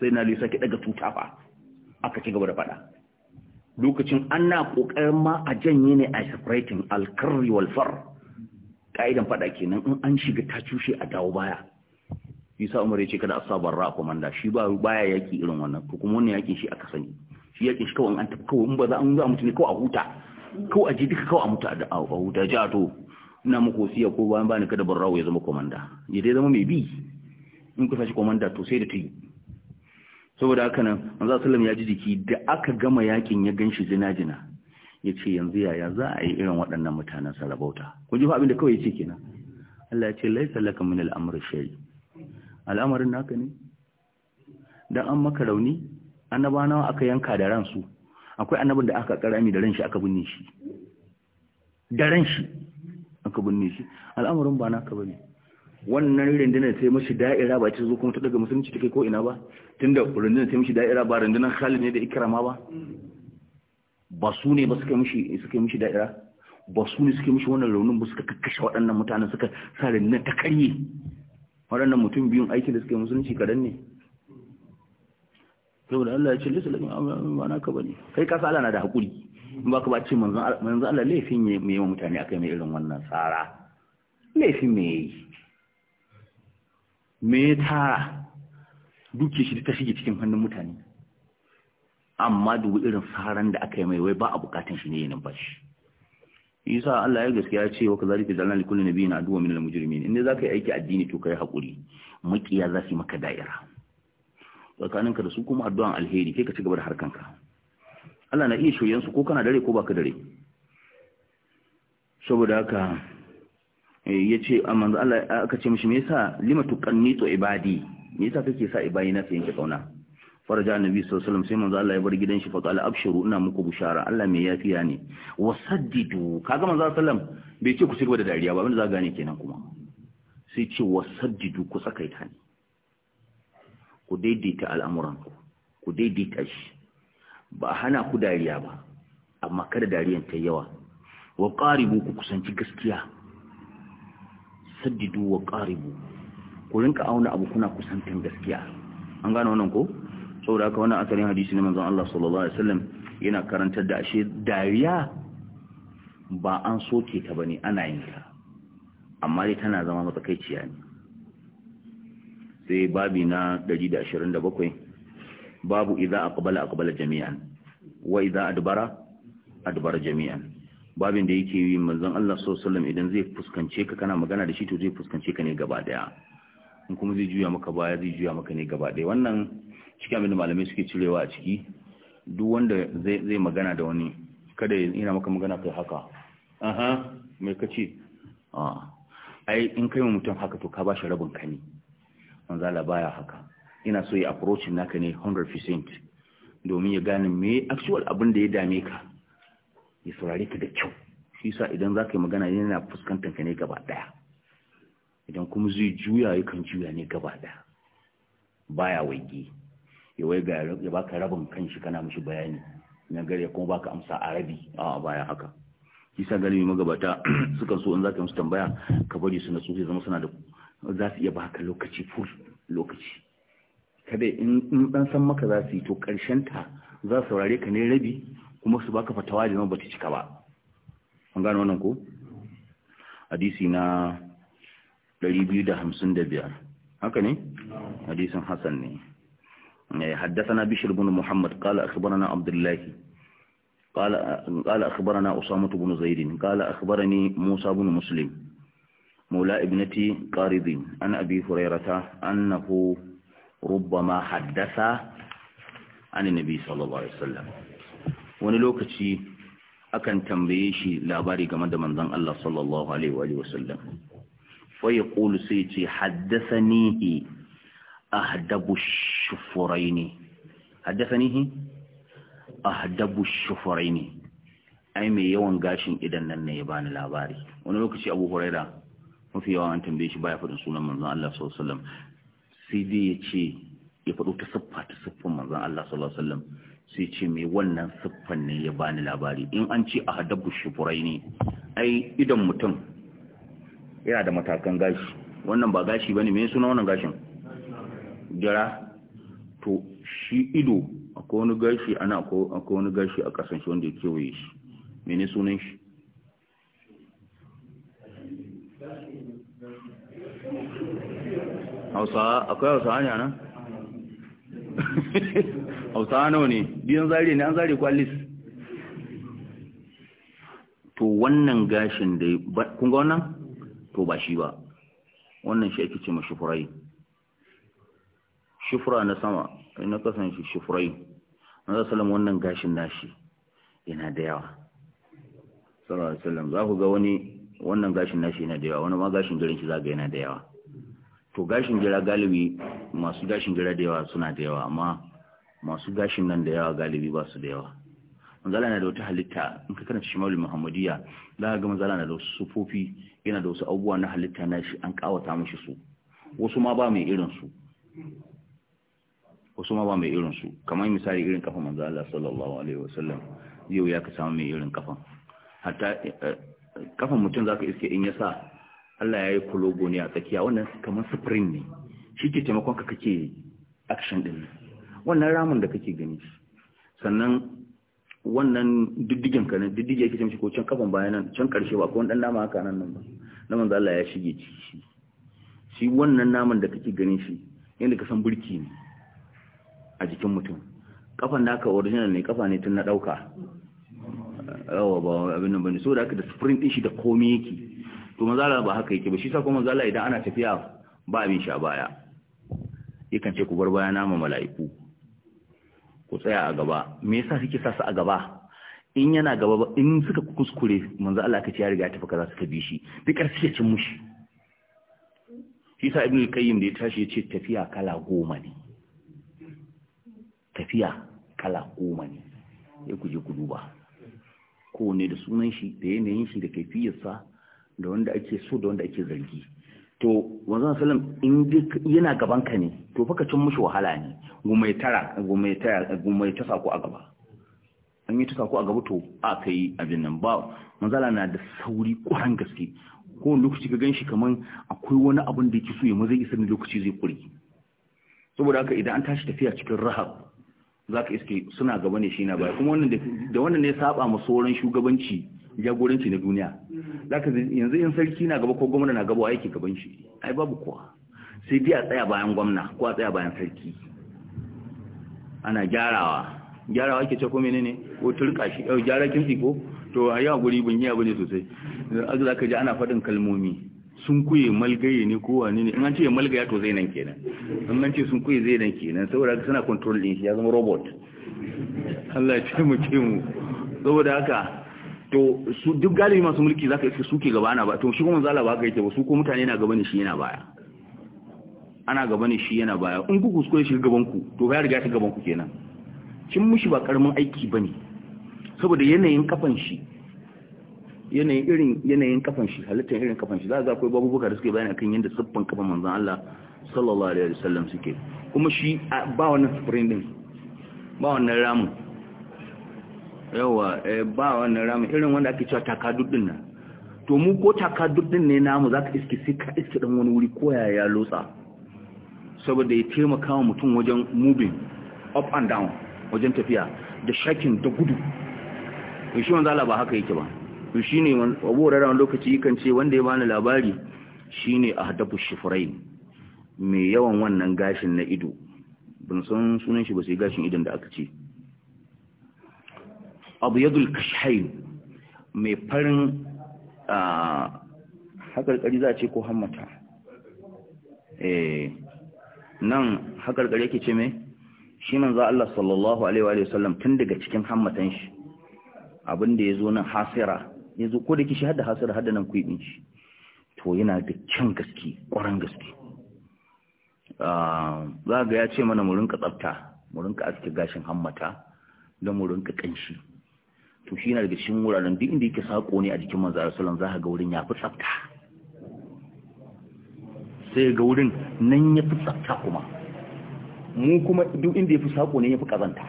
S1: sai na liyu sake daga tuta ba aka ci gaba da faɗa lokacin ana ƙoƙarin ma a janye ne a separating alkarri walfar Ka'idan faɗa kenan in an shiga ta cushe a dawo baya isa umar ya ce kada asabar ra komanda shi ba baya yaki irin wannan ko kuma wannan yakin shi aka sani shi yakin shi kawai an tafi kawai in ba za a mutu ne kawai a huta kawai a ji duka kawai a mutu a huta jato ina muku wasiya ko bayan bani kada barrawo ya zama komanda ya dai zama mai bi in ku shi komanda to sai da ta yi saboda haka nan manzo sallam ya ji jiki da aka gama yakin ya ganshi jina-jina ya ce yanzu yaya za a yi irin waɗannan mutanen sarabauta kun ji fa abin da kawai ya ce kenan Allah ya ce laisa laka min al'amr shay al'amarin naka ne dan an maka rauni annaba nawa aka yanka da ransu akwai annabin da aka karami da ran shi aka binne shi da ran shi aka binne shi al'amarin ba naka bane wannan rundunar sai mushi da'ira ba ce zo kuma ta daga musulunci take ko ina ba tunda rundunar sai mushi da'ira ba rundunar Khalid ne da Ikrama ba ba su ne ba suka mushi suka mushi da'ira ba su ne suka mushi wannan raunin ba suka kakkashe waɗannan mutanen suka sa rundunar ta karye waɗannan mutum biyun aiki da suka musulunci kadan ne saboda Allah ya ce lissa amma ba naka bane kai ka sa Allah na da hakuri in ba ka ba ce manzan Allah laifin ya yi wa mutane aka mai irin wannan tsara laifin me ya yi me ya tara duke shi ta shige cikin hannun mutane amma dubu irin tsaran da aka yi mai wai ba a bukatan shi ne yi numfashi isa Allah ya gaskiya ce wa kazalika jalna likulli nabiyyin aduwwa minal mujrimin inda zaka yi aiki addini to kai hakuri makiya za su yi maka da'ira tsakaninka da su kuma addu'an alheri kai ka ci gaba da harkanka Allah na iya shiryen su ko kana dare ko baka dare saboda haka eh, yace amma ah, Allah aka ce mishi me yasa limatu qannitu ibadi me yasa kake sa ibayi na sai yake kauna faraja annabi sallallahu alaihi wasallam sai manzo Allah ya bar gidan shi fa qala abshiru ina muku bushara Allah mai yafiya ne wasaddidu kaga manzo sallallahu alaihi wasallam bai ce ku shirwa da dariya ba abinda za gane kenan kuma sai ce wasaddidu ku tsakaita ne ku daidaita al'amuran ku daidaita shi ba a hana ku dariya ba amma kada dariyan ta yawa wa qaribu ku kusanci gaskiya saddidu wa qaribu ku rinka auna abu kuna kusantan gaskiya an gane wannan ko saboda haka wannan asalin hadisi ne manzon Allah sallallahu alaihi wasallam yana karantar da ashe dariya ba an soke ta bane ana yin ta amma dai tana zama matsakaiciya ne sai babi na 127 babu idza aqbala aqbala jami'an wa idza adbara adbara jami'an babin da yake yi manzon Allah sallallahu alaihi idan zai fuskance ka kana magana da shi to zai fuskance ka ne gaba daya in kuma zai juya maka baya zai juya maka ne gaba daya wannan cikin abin da malamai suke cirewa a ciki duk wanda zai magana da wani kada yana maka magana kai haka aha mai kace a ah, ai in kai mutum haka to ka ba shi rabin kani manzala baya haka ina so ya approach naka ne 100% domin ya gane me actual abin da ya dame ka ya saurare ka da kyau shi sa idan za ka yi magana yana fuskantar ka ne gaba daya idan kuma zai juya yakan juya ne gaba daya baya waige ya ga ya baka rabin kanshi kana mishi bayani na gare kuma baka amsa arabi a baya haka kisa galibi magabata suka so in za ka yi musu tambaya ka bari su na natsu zama suna da za su iya baka lokaci full lokaci kada in dan san maka za su yi to ƙarshen ta za su saurare ka ne rabi kuma su baka fatawa da nan bata cika ba an gano wannan ko hadisi na 255 haka ne hadisin hasan ne حدثنا بشر بن محمد قال أخبرنا عبد الله قال قال أخبرنا أسامة بن زيد قال أخبرني موسى بن مسلم مولى ابنتي قارض عن أبي هريرة أنه ربما حدث عن النبي صلى الله عليه وسلم wani lokaci akan tambaye shi labari game da manzon Allah sallallahu alaihi wa sallam fa yaqulu sai ce haddathani ahdabu shufuraini haddathani ahdabu shufuraini ai mai yawan gashin idan nan ne ya bani labari wani lokaci Abu Huraira mafi yawan an tambaye shi baya faɗin sunan manzon Allah sallallahu alaihi wasallam sai dai ya ce ya faɗo ta siffa ta siffan manzon Allah sallallahu alaihi wasallam sai ce me wannan siffan ne ya bani labari in an ce ahadabu shufurai ne ai idan mutum yana da matakan gashi wannan ba gashi bane me suna wannan gashin jira to shi ido akwai wani gashi ana akwai wani gashi a kasan shi wanda ya kewaye shi mene sunan shi hausa akwai hausa ne nan hausa nawa ne biyan zari ne an zari kwalis to wannan gashin da kun ga wannan to ba shi ba wannan shi ake ce ma shifurai shifura na sama na kasan shi shufurai na zasalam wannan gashin nashi yana da yawa sallallahu alaihi wasallam za ku ga wani wannan gashin nashi yana da yawa wani ma gashin garin shi zaga yana da yawa to gashin gira galibi masu gashin gira da yawa suna da yawa amma masu gashin nan da yawa galibi ba su da yawa manzala na da wata halitta in ka karanta maulin muhammadiyya za ga manzala na da wasu sufofi yana da wasu abubuwa na halitta na shi an kawata mashi su wasu ma ba mai irin su wasu ma ba mai irin su kamar misali irin kafan manzo Allah sallallahu alaihi wasallam yau ya ka samu mai irin kafan hatta kafan eh, mutum zaka iske in ya sa Allah ya yi kulogo ne a tsakiya wannan kamar spring ne shi ke taimakon ka kake action din wannan ramin da kake gani sannan wannan diddigin ka ne diddige yake mishi ko can kafan nan can karshe ba ko wani dan nama haka nan nan ba na manzo Allah ya shige shi shi wannan naman da kake ganin shi inda ka san burki ne a jikin mutum kafan naka original ne kafa ne tun na dauka yawa ba abin nan bane so da da spring din shi da komai yake to manzala ba haka yake ba shi sa kuma manzala idan ana tafiya ba abin sha baya yakan ce ku bar baya nama mala'iku ku tsaya a gaba me yasa suke sa su a gaba in yana gaba ba in suka kuskure manzo Allah kace ya riga tafi kaza suka bi shi duk cin mushi shi sa ibnu kayyim da ya tashi ya ce tafiya kala goma ne tafiya kala goma ne ya kuje ku duba Ko ne da sunan shi da yanayin shi da kaifiyarsa da wanda ake so da wanda ake zargi to wanzan salam in yana gaban ka ne to fa ka cin mushi wahala ne tara gumai gumaita sako a gaba an yi ta sako a gaba to a kai abin nan ba manzala na da sauri kwaran gaske ko lokaci ka ganshi kaman akwai wani abin da yake so ya mazai isa ne lokaci zai kure saboda haka idan an tashi tafiya cikin rahab za ka iske suna gaba ne shi na baya kuma wannan da wannan ne saba ma sauran shugabanci jagoranci na duniya mm. zaka yanzu in sarki na gaba ko gwamna na gaba aiki gaban shi ai babu kowa sai dai a tsaya bayan gwamna ko a tsaya bayan sarki ana gyarawa gyarawa ke ce ko menene ko turka shi yau gyara kinsi ko to a yau guri bin yi abu ne sosai azu zaka ji ana faɗin kalmomi sun kuye malgaye ne ko wani ne in an ce malgaya to zai nan kenan in an ce sun kuye zai nan kenan saboda suna control din shi ya zama robot Allah ya ce mu ce mu saboda haka to su duk galibi masu mulki zaka iske suke gaba ana ba to shi kuma zala ba ka yake ba su ko mutane na gaba ne shi yana baya ana gaba ne shi yana baya in ku kuskure shi gaban ku to ya riga ta gaban ku kenan kin mushi ba karamin aiki bane saboda yanayin kafan shi yanayin irin yanayin kafan shi halittar irin kafan shi za a akwai babubuka da suke bayani akan yanda siffan kafan manzon Allah sallallahu alaihi wasallam suke kuma shi ba wannan spring din ba wannan ramin yawa eh, ba wannan ramin irin wanda ake cewa takaduddin nan to mu ko takaduddin ne namu zaka ka iske sai ka iske ɗan wani wuri ko yaya ya lotsa saboda ya taimaka wa mutum wajen moving up and down wajen tafiya da shakin da gudu to shi wanda Allah ba haka yake ba to shi ne abu wani lokaci yakan ce wanda ya bani labari shine ne a hadafu shifrain mai yawan wannan gashin na ido ban san sunan shi ba sai gashin idon da aka ce abu yadul mai farin haƙarƙari za a ce ko hammata eh, nan haƙarƙari yake ce mai shi nan za Allah sallallahu Alaihi wa sallam tun daga cikin hammatan shi abinda ya zo nan hasira ya zo ko da kishi hada hasira hada nan kuɗin shi to yana da can gaske ƙwaron gaske za ga ya ce mana murinka tsabta murinka aske gashin hammata don murinka ƙanshi to shi na daga cikin wuraren duk inda yake sako ne a jikin manzo sallallahu za ka ga wurin ya fi tsafta sai ga wurin nan ya fi tsafta kuma mu kuma duk inda ya fi sako ne ya fi kazanta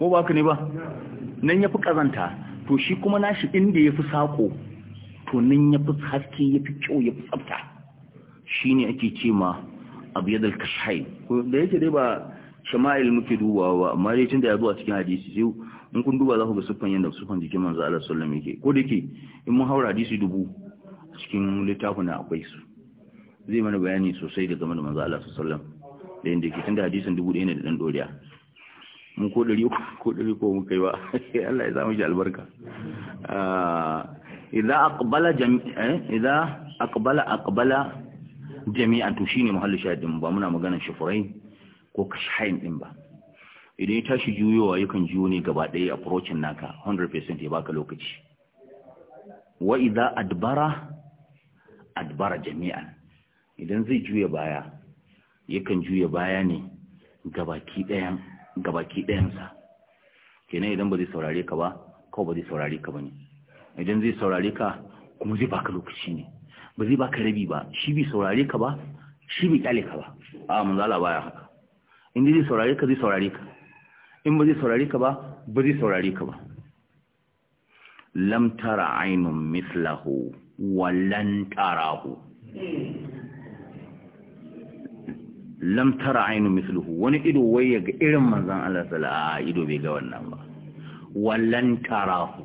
S1: ko ba ka ne ba nan ya fi kazanta to shi kuma nashi inda ya fi sako to nan ya fi haske ya fi kyau ya fi tsafta shi ne ake ce ma abiyadar kashai da yake dai ba shama'il muke dubawa ba amma dai tun da ya zuwa cikin hadisi sai in kun duba za ku ga siffan yadda siffan jikin manzo Allah sallallahu alaihi yake ko da yake in mun haura hadisi dubu cikin littafin akwai su zai mana bayani sosai da game da manzo Allah sallallahu alaihi da yanda yake tunda hadisin dubu ɗaya ne da dan doriya mun ko dari ko dari ko mun kai ba Allah ya samu shi albarka ah, idza aqbala eh, idza aqbala aqbala jami'an to shine muhallu shahidin ba muna maganar shufurai ko kashayin din ba idan ya tashi juyowa yakan juyo ne gaba ɗaya approachin naka 100% ya baka lokaci wa idza adbara adbara jami'an idan zai juya baya yakan juya baya ne gabaki ɗayan gabaki ɗayansa kenan idan ba zai saurare ka ba ko ba zai saurare ka bane idan zai saurare ka kuma zai baka lokaci ne ba zai baka rabi ba shi bai saurare ka ba shi bai kyale ka ba a manzala baya haka inda zai saurare ka zai saurare ka in ba zai saurari ka ba ba zai saurari ka ba lam tara ainun mislahu wallan tarahu lam tara ainun mislahu wani ido wai ga irin manzon Allah sallallahu alaihi ido bai ga wannan ba wallan tarahu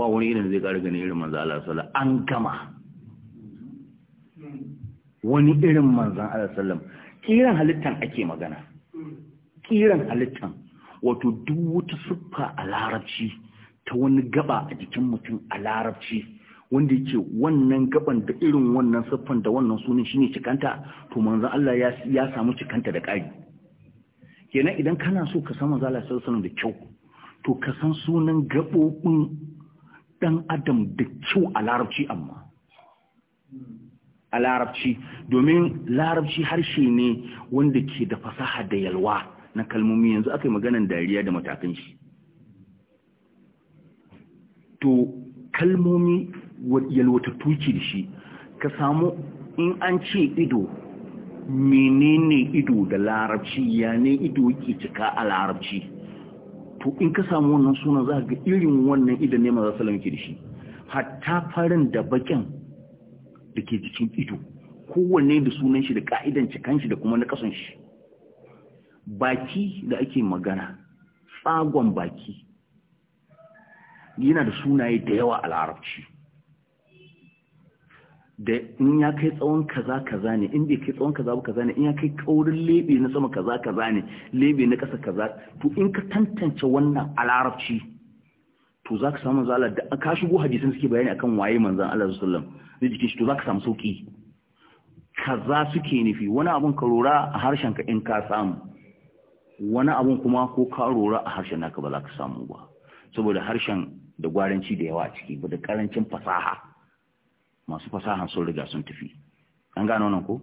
S1: ba wani irin zai ƙara gani irin manzon Allah sallallahu alaihi an gama wani irin manzon Allah sallallahu alaihi kiran halittan ake magana kiran halittan wato duk wata siffa a larabci ta wani gaba a jikin mutum a larabci wanda yake wannan gaban da irin wannan siffan da wannan sunan shine cikanta to manzan Allah ya ya samu cikanta da ƙari kenan idan kana so ka san manzon Allah sallallahu da kyau to ka san sunan gabobin dan adam da kyau a larabci amma a larabci domin larabci harshe ne wanda ke da fasaha da yalwa na kalmomi yanzu aka yi maganan dariya da matakan shi to kalmomi yalwatattu ce da shi ka samu in an ce ido menene ido da larabci ya ne ido yake cika a larabci to in ka samu wannan sunan za ga irin wannan idan ne maza salam ke da shi hatta farin da bakin da ke jikin ido kowanne da sunan shi da ka'idan cikan shi da kuma na kasan shi baki da ake magana tsagon baki yana da sunaye da yawa a larabci da in ya kai tsawon kaza kaza ne in bai kai tsawon kaza ba kaza ne in ya kai kaurin lebe na sama kaza kaza ne lebe na ƙasa kaza to in ka tantance wannan a larabci to za ka samu zala da ka shigo hadisin suke bayani akan waye manzan Allah sallam zai jikin shi to za ka samu sauki kaza suke nufi wani abun ka lura a harshen ka in ka samu wani abun kuma ko ka rora a harshen naka ba za ka samu ba saboda harshen da gwaranci da yawa a ciki ba da karancin fasaha masu fasahan sun riga sun tafi an gano nan ko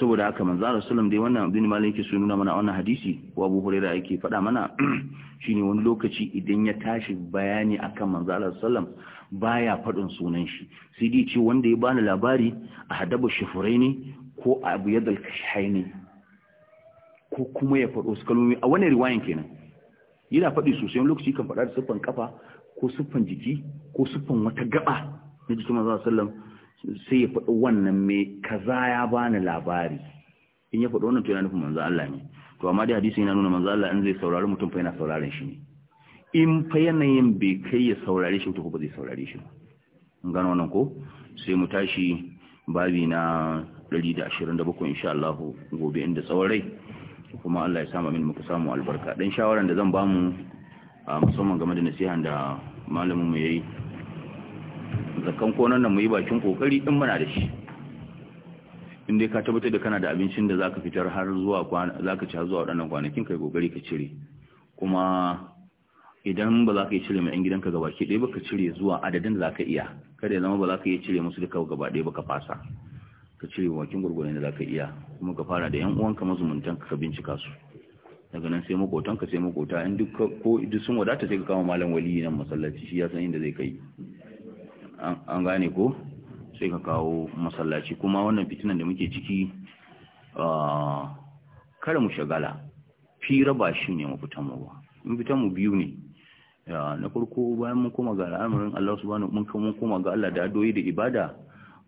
S1: saboda haka manzo Allah sallam dai wannan abin malik nuna mana wannan hadisi ko Abu Hurairah yake faɗa mana shine wani lokaci idan ya tashi bayani akan manzo Allah sallam baya faɗin sunan shi sai dai ce wanda ya bani labari a hadabu shifraini ko abu yadal kashaini ko kuma ya faɗo su kalmomi a wannan riwayan kenan yana faɗi sosai wani lokaci kan faɗa da siffan kafa ko siffan jiki ko siffan wata gaba na jikin manzo sallam sai ya faɗi wannan me kaza ya bani labari in ya faɗi wannan to yana nufin manzo Allah ne to amma dai hadisi yana nuna manzo Allah in zai saurari mutum fa yana sauraron shi ne in fa yanayin bai kai ya saurare shi to ba zai saurare shi in gano wannan ko sai mu tashi babi na 127 insha Allah gobe inda tsawon rai kuma Allah ya sa mu muka samu albarka dan shawaran da zan ba mu musamman game da nasihan da malamin mu yayi zakan konan nan mu yi bakin kokari din muna da shi in dai ka tabbatar da kana da abincin da zaka fitar har zuwa zaka ci har zuwa wadannan kwanakin kai kokari ka cire kuma idan ba za ka yi cire mai 'yan gidanka gabaki ɗaya ba ka cire zuwa adadin da za ka iya kada ya zama ba za ka yi cire musu duka gaba ɗaya ba ka fasa ka ce wakin gurgurin da za ka iya kuma ka fara da yan uwanka mazumuntan ka bincika su daga nan sai ka sai makota in duk ko duk sun wadata sai ka kama malam wali nan masallaci shi ya san inda zai kai an gane ko sai ka kawo masallaci kuma wannan fitinan da muke ciki kada mu shagala fira ba shi ne mafitan mu ba mun fitan mu biyu ne na farko bayan mun koma ga al'amarin Allah subhanahu mun koma ga Allah da adoyi da ibada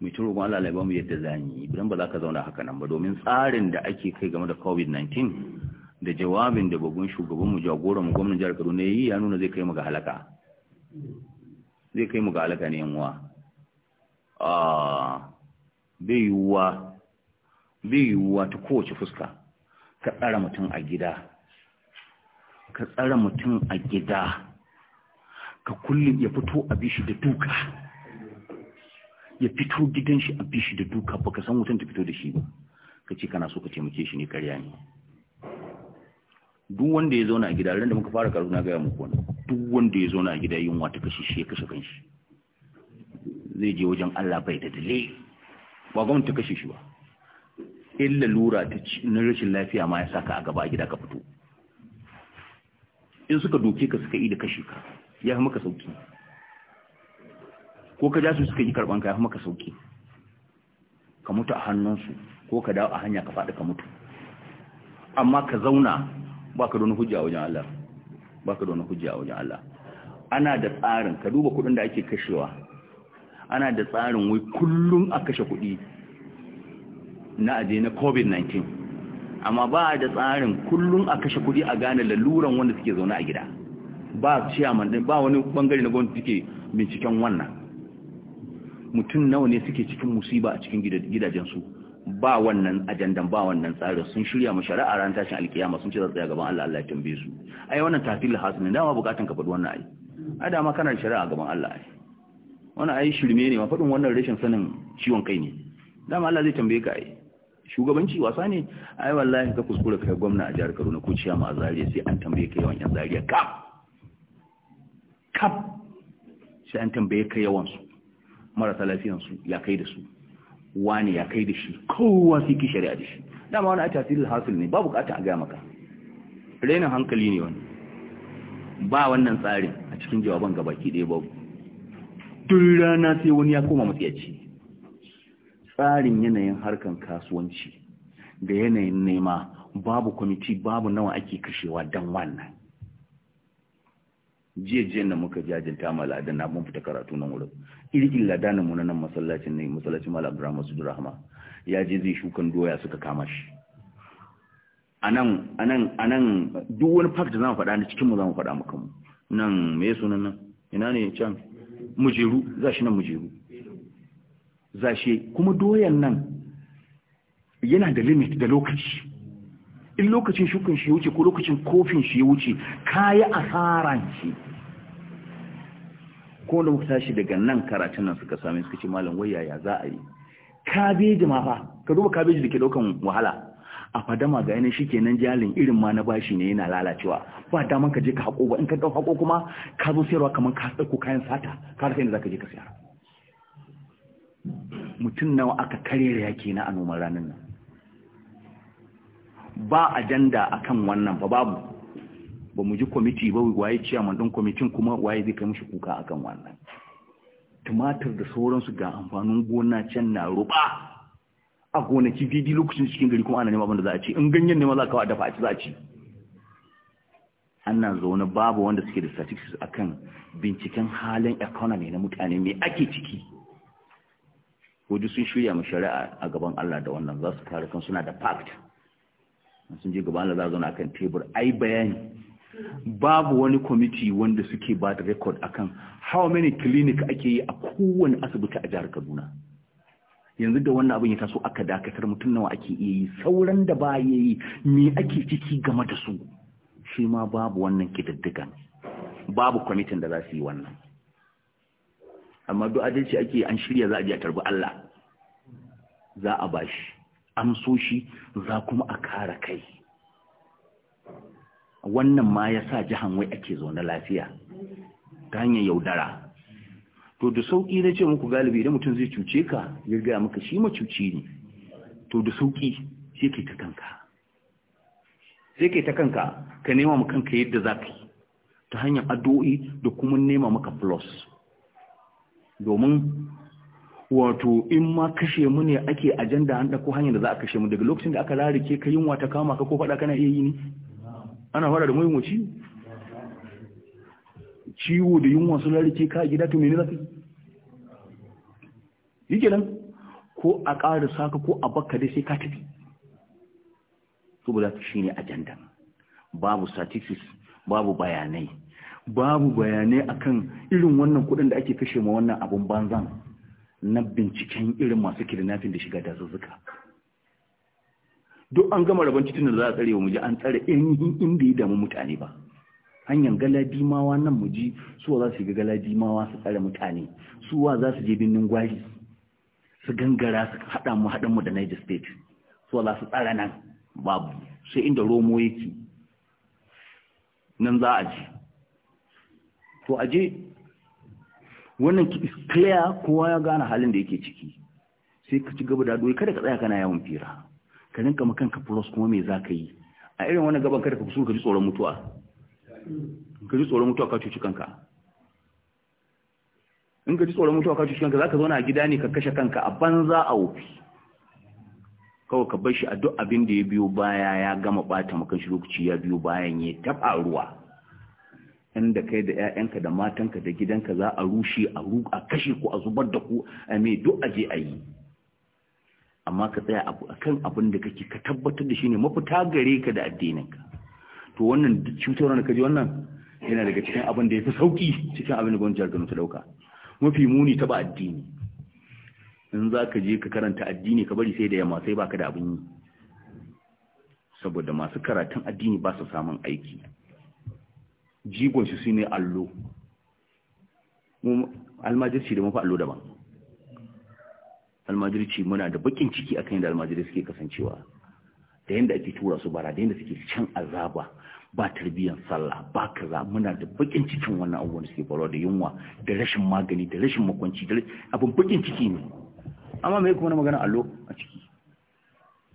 S1: mu ci roƙon Allah ya ba mu yadda zani idan ba za ka zauna haka nan ba domin tsarin da ake kai game da covid-19 da jawabin da babban shugaban mu jagora mu gwamnatin jihar Kaduna yayi ya nuna zai kai mu ga halaka zai kai mu ga halaka ne yanwa ah bai yuwa bai yuwa ta kowace fuska ka tsara mutum a gida ka tsara mutum a gida ka kullum ya fito a bishi da duka ya fito gidan shi a bishi da duka baka san wutan ta fito da shi ba ka ce kana so ka taimake shi ne karya ne duk wanda ya zauna a gida ran da muka fara karu na gaya muku wani duk wanda ya zauna a gida yunwa ta kashe shi ya kashe kanshi zai je wajen Allah bai da dale ba gwamnati ta kashe shi ba illa lura ta na rashin lafiya ma ya saka a gaba a gida ka fito in suka doke ka suka yi da kashe ka ya maka sauki ko ka ja su suka yi karban ka ya maka sauki ka mutu a hannunsu ko ka dawo a hanya ka faɗi ka mutu amma ka zauna ba ka da wani hujja a wajen Allah ba ka da hujja a wajen Allah ana da tsarin ka duba kuɗin da ake kashewa ana da tsarin wai kullum a kashe kuɗi na aje na covid-19 amma ba da tsarin kullum a kashe kuɗi a gane laluran wanda suke zaune a gida ba ciyaman ba wani bangare na gwamnati suke binciken wannan mutum nawa ne suke cikin musiba a cikin gidajensu ba wannan ajandan ba wannan tsarin sun shirya mu shari'a ran tashin alkiyama sun ce za tsaya gaban Allah Allah ya tambaye su ai wannan tafil hasan dama bukatun ka faɗi wannan ai ai dama kana shari'a gaban Allah ai wannan ai shirme ne ma faɗin wannan rashin sanin ciwon kai ne dama Allah zai tambaye ka ai shugabanci wasa ne ai wallahi ka kuskura kai gwamna a jihar Kaduna ko ciyama a Zaria sai an tambaye ka yawan yan Zariya. kap kap sai an tambaye ka yawan su marasa lafiyansu ya kai da su wani ya kai da shi kowa su ki shari'a da shi dama wani a tasirin hasil ne Babu kata a gaya maka rainin hankali ne wani ba wannan tsarin a cikin jawaban baki ɗaya babu duk rana sai wani ya koma matsayaci tsarin yanayin harkar kasuwanci da yanayin nema babu kwamiti babu nawa ake kashewa don wannan jiyajiyar da muka jajinta maladan na mun fita karatu nan wurin irgin ladanin mu nan masallacin ne masallacin Malam Abdurrahman Masud Rahma ya je zai shukan doya suka kama shi anan anan anan duk wani fact da zamu faɗa ni cikin mu zamu faɗa mu nan me sunan nan ina ne can mujeru zashi nan mujeru zashi kuma doyan nan yana da limit da lokaci in lokacin shukan shi ya wuce ko lokacin kofin shi ya wuce kayi asaran shi kuma da muka tashi daga nan karatun nan suka same suka ce malam wai yaya za a yi kabeji ma fa ka duba kabeji da ke daukan wahala a fadama ga shi kenan jalin irin ma na bashi ne yana lalacewa ba daman ka je ka hako ba in ka dau hako kuma ka zo sayarwa kamar ka tsako kayan sata ka rasa inda zaka je ka sayar mutum nawa aka karera ke na a noman ranar nan ba ajanda akan wannan ba babu ba mu ji kwamiti ba waye ciyaman ɗin kwamitin kuma waye zai kai mushi kuka akan wannan tumatir da sauransu ga amfanin gona can na ruba a gonaki daidai lokacin cikin gari kuma ana nema abin da za a ci in ganyen ne ma za ka wa dafa a ci za a ci ana zaune babu wanda suke da statistics akan binciken halin economy na mutane mai ake ciki wajen sun shirya mu shari'a a gaban Allah da wannan za su kare kan suna da fact sun je gaban Allah za a zauna akan tebur ai bayani babu wani kwamiti wanda suke ba da rekod akan how many clinic ake yi a kowane asibiti a jihar kaduna yanzu da wannan abin ya taso aka dakatar mutum nawa ake iya yi sauran da ba ya yi me ake ciki game da su shi ma babu wannan kididdigan babu kwamitin da za su yi wannan amma duk adalci ake an shirya za a je a tarbi Allah za a bashi amso shi za kuma a kara kai wannan ma ya sa jihan wai ake zaune lafiya ta hanyar yaudara to da sauƙi na ce muku galibi idan mutum zai cuce ka ya gaya maka shi ma cuci ne to da sauƙi sai kai ta kanka sai kai ta kanka ka nema ma kanka yadda za ka yi ta hanyar addu'o'i da kuma nema maka plus domin wato in ma kashe mu ne ake ajanda an ɗauko hanyar da za a kashe mu daga lokacin da aka larike ka yunwa ta kama ka ko faɗa kana iya yi ne ana fara da muhimmin ciwo ciwo da yunwa sun lalace ka gida to menene zaka yi kenan ko a ƙara saka ko a bakka dai sai ka tafi saboda shi ne ajanda babu statistics babu bayanai babu bayanai akan irin wannan kudin da ake kashe ma wannan abun banzan na binciken irin masu kidnapping da shiga dazuzzuka duk an gama rabon titin da za a tsare wa muji an tsare ainihin inda ya damu mutane ba hanyar galadimawa nan muji suwa za su ga galadimawa su tsare mutane suwa za su je birnin gwari su gangara su haɗa mu haɗin mu da Niger State suwa za su tsara nan babu sai inda romo yake nan za a je to a je wannan is clear kowa ya gane halin da yake ciki sai ka ci gaba da doyi kada ka tsaya kana yawan fira ka rinka makan ka plus kuma me za ka yi a irin wani gaban kada ka kusa ka ji tsoron mutuwa ka ji tsoron mutuwa ka cuci kanka in ka ji tsoron mutuwa ka cuci kanka za ka zauna a gida ne ka kashe kanka a banza a wofi kawai ka bar shi a duk abin da ya biyo baya ya gama bata makan shi lokaci ya biyo bayan ya taɓa ruwa inda kai da 'ya'yanka da matanka da gidanka za a rushe a kashe ku a zubar da ku a mai duk aje a yi amma ka tsaya a kan abin da kake ka tabbatar da shi ne mafita gare ka da addininka to wannan cutar wani kaji wannan yana daga cikin abin da ya fi sauƙi cikin abin da gwamnatin Kano ta dauka mafi muni ta ba addini in za ka je ka karanta addini ka bari sai da yamma sai baka da abin yi saboda masu karatun addini ba su samun aiki jigon shi shine allo almajirci da mafi allo daban almajirci muna da bakin ciki a kan yadda almajirai suke kasancewa da yadda ake tura su bara da yadda suke can azaba ba tarbiyyar sallah ba kaza muna da bakin cikin wannan abubuwan suke faruwa da yunwa da rashin magani da rashin makwanci da abin bakin ciki ne amma me kuma na magana allo a ciki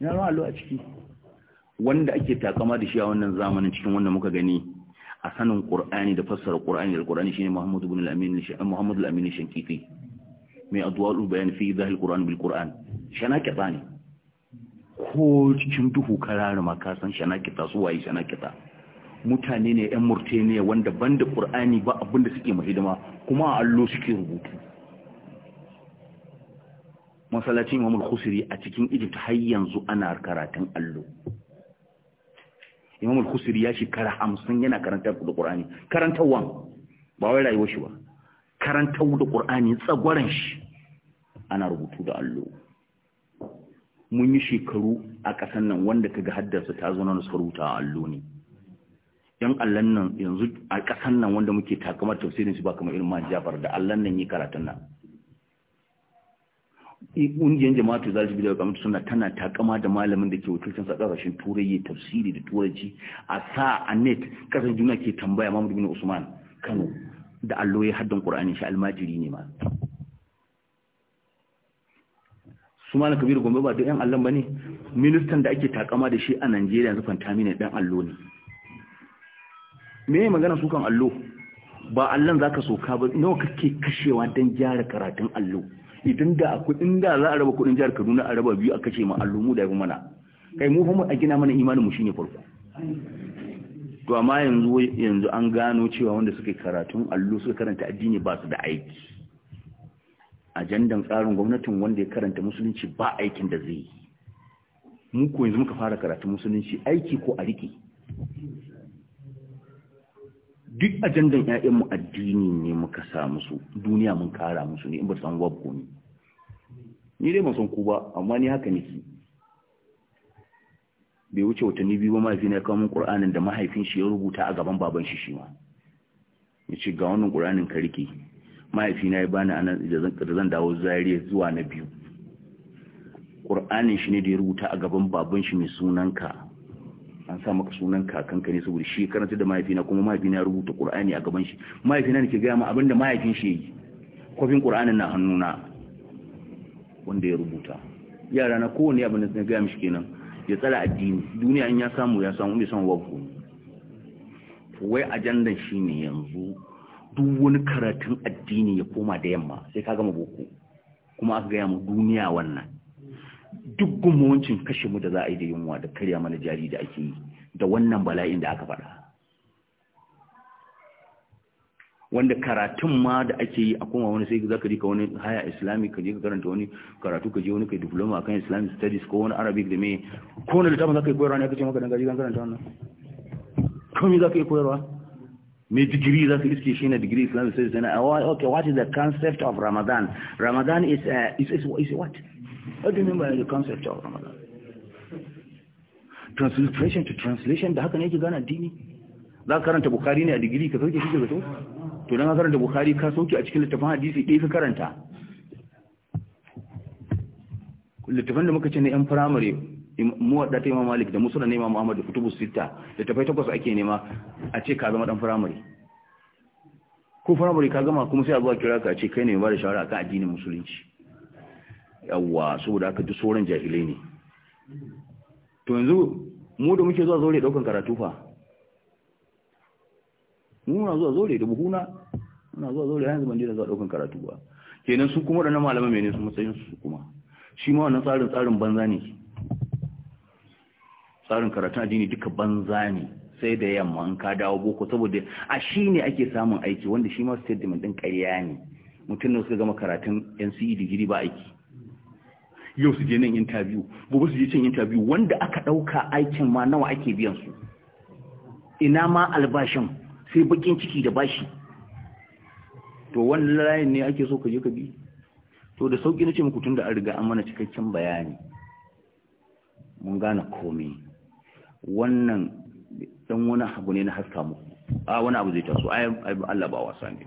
S1: ina ruwan allo a ciki wanda ake takama da shi a wannan zamanin cikin wanda muka gani a sanin qur'ani da fassara qur'ani da qur'ani shine muhammadu ibn al-amin muhammadu al-amin shankiti mai adwa'ul bayan fi zahil qur'an bil qur'an shana kitsa ne ko cikin duhu karara makasan ka san shana kitsa su waye shana kitsa mutane ne yan murtaniya wanda banda qur'ani ba abin da suke hidima kuma a allo suke rubutu masallacin imamul Kusiri a cikin Egypt har yanzu ana karatun allo imamul al-Khusri ya shekara hamsin yana karantar Qur'ani Karantarwa ba wai rayuwar shi ba karanta da ƙur'ani tsagwaran shi ana rubutu da allo mun yi shekaru a ƙasan nan wanda kaga haddarsa ta zo nan nasu rubuta a allo ne yan allon nan yanzu a ƙasan nan wanda muke takamar tafsirin su ba kamar irin ma jafar da allan nan yi karatun nan ƙungiyar jama'a ta su da kamar suna tana takama da malamin da ke wakilcin sa ƙasashen turai ya tafsiri da turanci a sa a net ƙasar juna ke tambaya mamadu bin usman kano da allo ya haddin ƙura'ani shi almajiri ne ma su ma na kabiru gombe ba duk 'yan allon ba ne ministan da ake takama da shi a najeriya yanzu fanta ne ɗan allo ne me magana magana sukan allo ba allon za ka soka ba nawa kake kashewa don gyara karatun allo idan da kudin da za a raba kudin jihar kaduna a raba biyu a kashe ma allo mu da yabi mana kai mu kuma a gina mana imanin mu shine farko to amma yanzu yanzu an gano cewa wanda suke karatun allo suka karanta addini ba su da aiki ajandan tsarin gwamnatin wanda ya karanta musulunci ba aikin da zai yi mu ko yanzu muka fara karatun musulunci aiki ko a rike duk ajandan mu addini ne muka sa musu duniya mun kara musu ne in ba san wabko ne ni dai ban san ku ba amma ni haka nake bai wuce watanni biyu ba mahaifi ne kawo min qur'anin da mahaifin shi ya rubuta a gaban baban shi shi ma ce ga wannan ƙur'anin ka rike mahaifi na ya bani a nan da zan dawo zariya zuwa na biyu Ƙur'anin shi ne da ya rubuta a gaban baban shi mai sunanka an sa maka sunan kanka ne saboda shi karanta da mahaifina kuma mahaifina ya rubuta ƙur'ani a gaban shi mahaifina ne ke gaya ma abinda mahaifin shi yi kwafin ƙur'anin na hannuna wanda ya rubuta yara na kowane abin da sun gaya mishi kenan ya tsara addini duniya in ya samu ya samu bai san wabu wai ajandan shine yanzu duk wani karatun addini ya koma da yamma sai ka gama boko kuma aka gaya mu duniya wannan duk gumuwancin kashe mu da za a yi da yunwa da karya mana jari da ake yi da wannan bala'in da aka faɗa wanda karatun ma da ake yi a koma wani sai zaka ka wani haya islamic ka je ka karanta wani karatu ka je wani kai diploma akan islamic studies ko wani arabic da me ko wani littafin zaka yi koyarwa ne aka ce maka dan gaji kan karanta wannan komai zaka yi koyarwa me za zaka iske shi na digiri islamic studies na ah, okay what is the concept of ramadan ramadan is a, uh, is, is is what what do you mean by the concept of ramadan translation to translation da haka ne yake gana addini za ka karanta bukari ne a digiri ka sauke shi ke zato to dan hasar da bukhari ka sauke a cikin littafin hadisi ɗaya ka karanta littafin da muka ce na yan firamare muwadda ta imam malik da musulun na imam muhammad da kutubu sita littafai takwas ake nema a ce ka zama dan firamare ko firamare ka gama kuma sai a zuwa kira ka a ce kai ne ba da shawara kan addinin musulunci yawwa saboda aka duk sauran jahilai ne to yanzu mu da muke zuwa zaure daukan karatu fa muna zuwa zore da buhuna muna zuwa zore yanzu ban dina zuwa daukan karatu ba kenan su kuma da malaman mai su matsayin su kuma shi ma wannan tsarin tsarin banza ne tsarin karatun addini duka banza ne sai da yamma an ka dawo boko saboda a shi ne ake samun aiki wanda shi ma statement din karya ne mutum da suka gama karatun NCE digiri ba aiki yau su je nan interview gobe su je cin interview wanda aka ɗauka aikin ma nawa ake biyan su ina ma albashin sai bakin ciki da bashi to wannan layin ne ake so ka je ka bi to da sauki nace muku tunda an riga an mana cikakken bayani mun gane komai wannan dan wani abu ne na haska muku a wani abu zai taso ai Allah ba wasa ne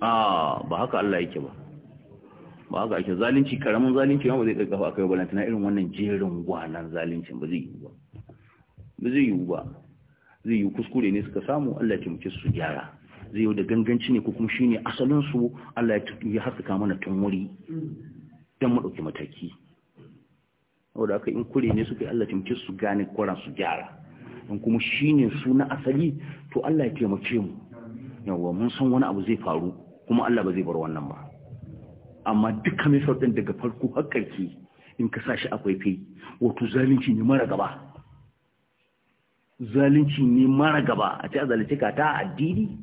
S1: a ba haka Allah yake ba ba haka ake zalunci karamin zalunci ma ba zai daga akai ba lantana irin wannan jerin gwanan zaluncin ba zai yi ba ba zai yi ba zai yi kuskure ne suka samu Allah ya taimake su gyara zai yi da ganganci ne ko kuma shine asalin su Allah ya haska mana tun wuri dan mu dauki mataki saboda aka in kure ne suka yi Allah ya taimake su gane kwara su gyara dan kuma shine su na asali to Allah ya taimake mu yawa mun san wani abu zai faru kuma Allah ba zai bar wannan ba amma duka mai sautin daga farko har in ka sa shi akwai fai wato zalunci ne mara gaba zalunci ne mara gaba a ce a zalunci ka ta addini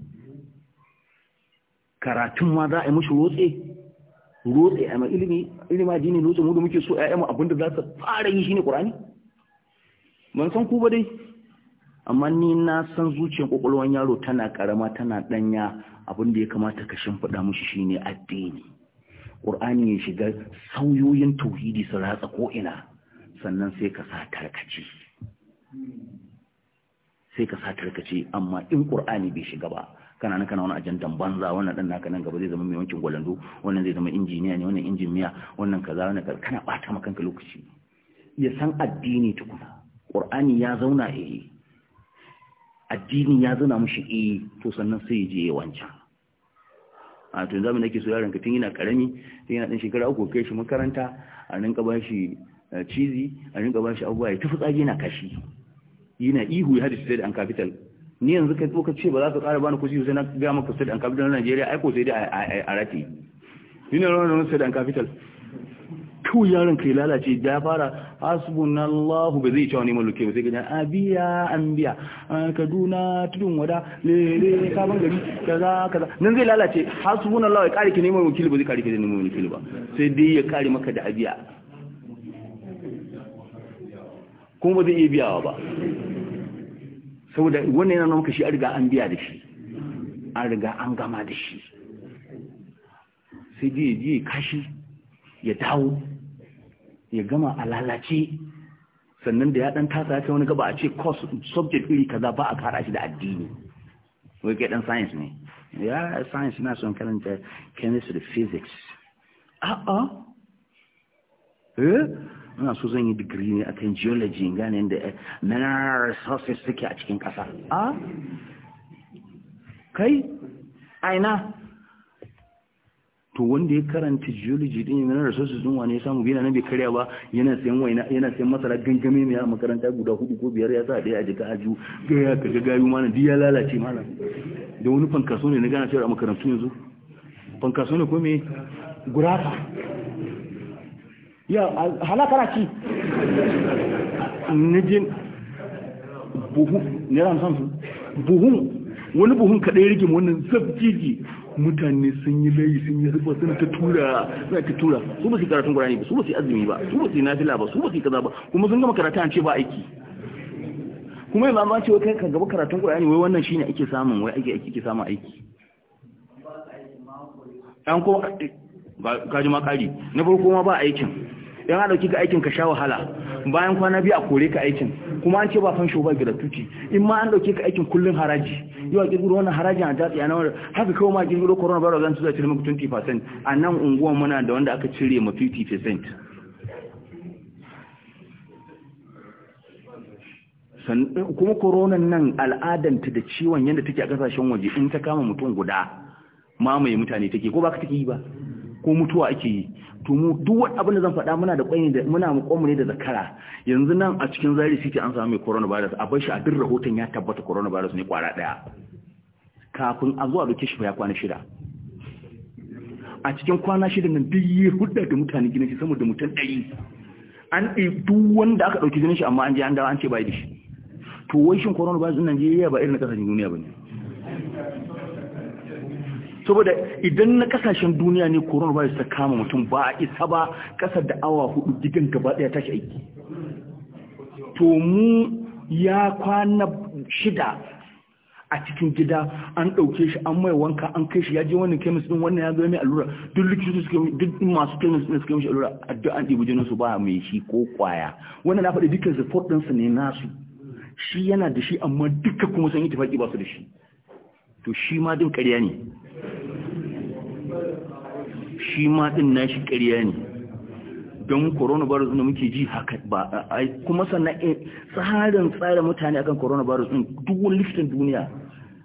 S1: karatun ma za a yi mashi rotse rotse a ma ilimi ilimi addini rotse mu da muke so ƴaƴan mu da za su fara yi shine qur'ani ban san ku ba dai amma ni na san zuciyar kwakwalwar yaro tana karama tana danya da ya kamata ka shimfiɗa mushi shine addini qur'ani ya shiga sauyoyin tauhidi su ratsa ko sannan sai ka sa tarkaci sai ka satar ka ce amma in qur'ani bai shiga ba kana nan kana wani ajandan banza wannan dan naka nan gaba zai zama mai wankin gwalando wannan zai zama injiniya ne wannan injiniya wannan kaza wannan kaza kana bata maka kanka lokaci ya san addini tukuna qur'ani ya zauna eh addini ya zauna mushi eh to sannan sai ya je ya wanca. a to zamu nake so yaron ka tun yana karami tun yana dan shekara uku kai shi makaranta a rinka ba shi eh, cizi a rinka ba shi abubuwa ya tafi tsage na kashi yana ihu ya hadisi sai da an capital ni yanzu kai ka ce ba za ka ƙara bani kuɗi sai na ga maka sai da an capital na Najeriya ai ko sai da a rati ni ne ranar sai da an capital kawai yaron kai lalace da ya fara hasbunallahu bai zai cewa neman luke ba sai ga abiya an biya kaduna tudun wada lele sabon gari kaza kaza nan zai lalace hasbunallahu ya kare ki neman wakili ba zai kare ki da neman wakili ba sai dai ya kare maka da abiya kuma ba zai iya biyawa ba saboda wannan yana nuna shi a riga an biya da shi an riga an gama da shi sai ji ji kashi ya dawo ya gama a lalace sannan da ya dan tasa ya wani gaba a ce course subject iri kaza ba a kara shi da addini wai kai dan science ne ya science na son karanta chemistry physics a'a eh ina so zan yi digiri ne akan geology gane da eh, mineral resources suke a cikin ƙasa a kai aina to wanda ya karanta geology din yana resources din wane ya samu bina na bai karya ba yana sayan waina yana sayan masara gangame mai a makaranta guda hudu ko biyar ya sa daya a jika aju ga ya kaga gayu mana duk ya lalace mana da wani fankaso ne na gana cewa a makarantu yanzu fankaso ne ko me gurafa ya halakara ci nijin buhu ne ran su buhun wani buhun kaɗai rikin wannan sabjiji mutane sun yi layi sun yi rufa sun ta tura sun ta tura su ba su karatun gurani ba su ba su azumi ba su ba su nafila ba su ba su kaza ba kuma sun gama karatun an ce ba aiki kuma yanzu an ce wai kai ka gaba karatun gurani wai wannan shine ake samun wai ake ake samun aiki an kuma ji ma kari na farko ma ba aikin Yan ana dauki ga aikin ka sha wahala bayan kwana biyu a kore ka aikin kuma an ce ba fansho ba gratuity in ma an dauke ka aikin kullun haraji yau a kirkiro wannan haraji a jatsi a nawar haka kawo ma kirkiro corona virus zan tuza cire maka 20% a nan unguwan muna da wanda aka cire ma 50% kuma koronan nan al'adanta da ciwon yadda take a kasashen waje in ta kama mutum guda mamaye mutane take ko ba ka take yi ba ko mutuwa ake yi tumu duk wani abin da zan faɗa muna da ƙwai da muna mu ne da zakara yanzu nan a cikin zari city an samu mai coronavirus a bar shi a duk rahoton ya tabbata coronavirus ne kwara ɗaya kafin a zuwa doke shi ya kwana shida a cikin kwana shida nan duk yi hudda da mutane gina shi sama da mutum ɗari an ɗi duk wanda aka ɗauki jinin shi amma an je an dawo an ce bai da shi to wai shin coronavirus ɗin Najeriya ba irin na ƙasashen duniya ba ne saboda idan na kasashen duniya ne coronavirus ta kama mutum ba a isa ba kasa da awa hudu gidan gaba daya tashi aiki to mu ya kwana shida a cikin gida an ɗauke shi an mai wanka an kai shi ya je wannan kemis ɗin wannan ya zo mai allura duk likitoci suke duk masu kemis din suke mishi allura duk an dibi jinin su ba mai shi ko kwaya wannan na faɗi dukkan support su ne nasu shi yana da shi amma duka kuma sun yi tafaki ba su da shi to shi ma din ƙarya ne shi ma din nashi ƙarya ne don coronavirus da muke ji haka ba kuma sannan eh, tsarin tsara mutane akan coronavirus din duk wani liftin duniya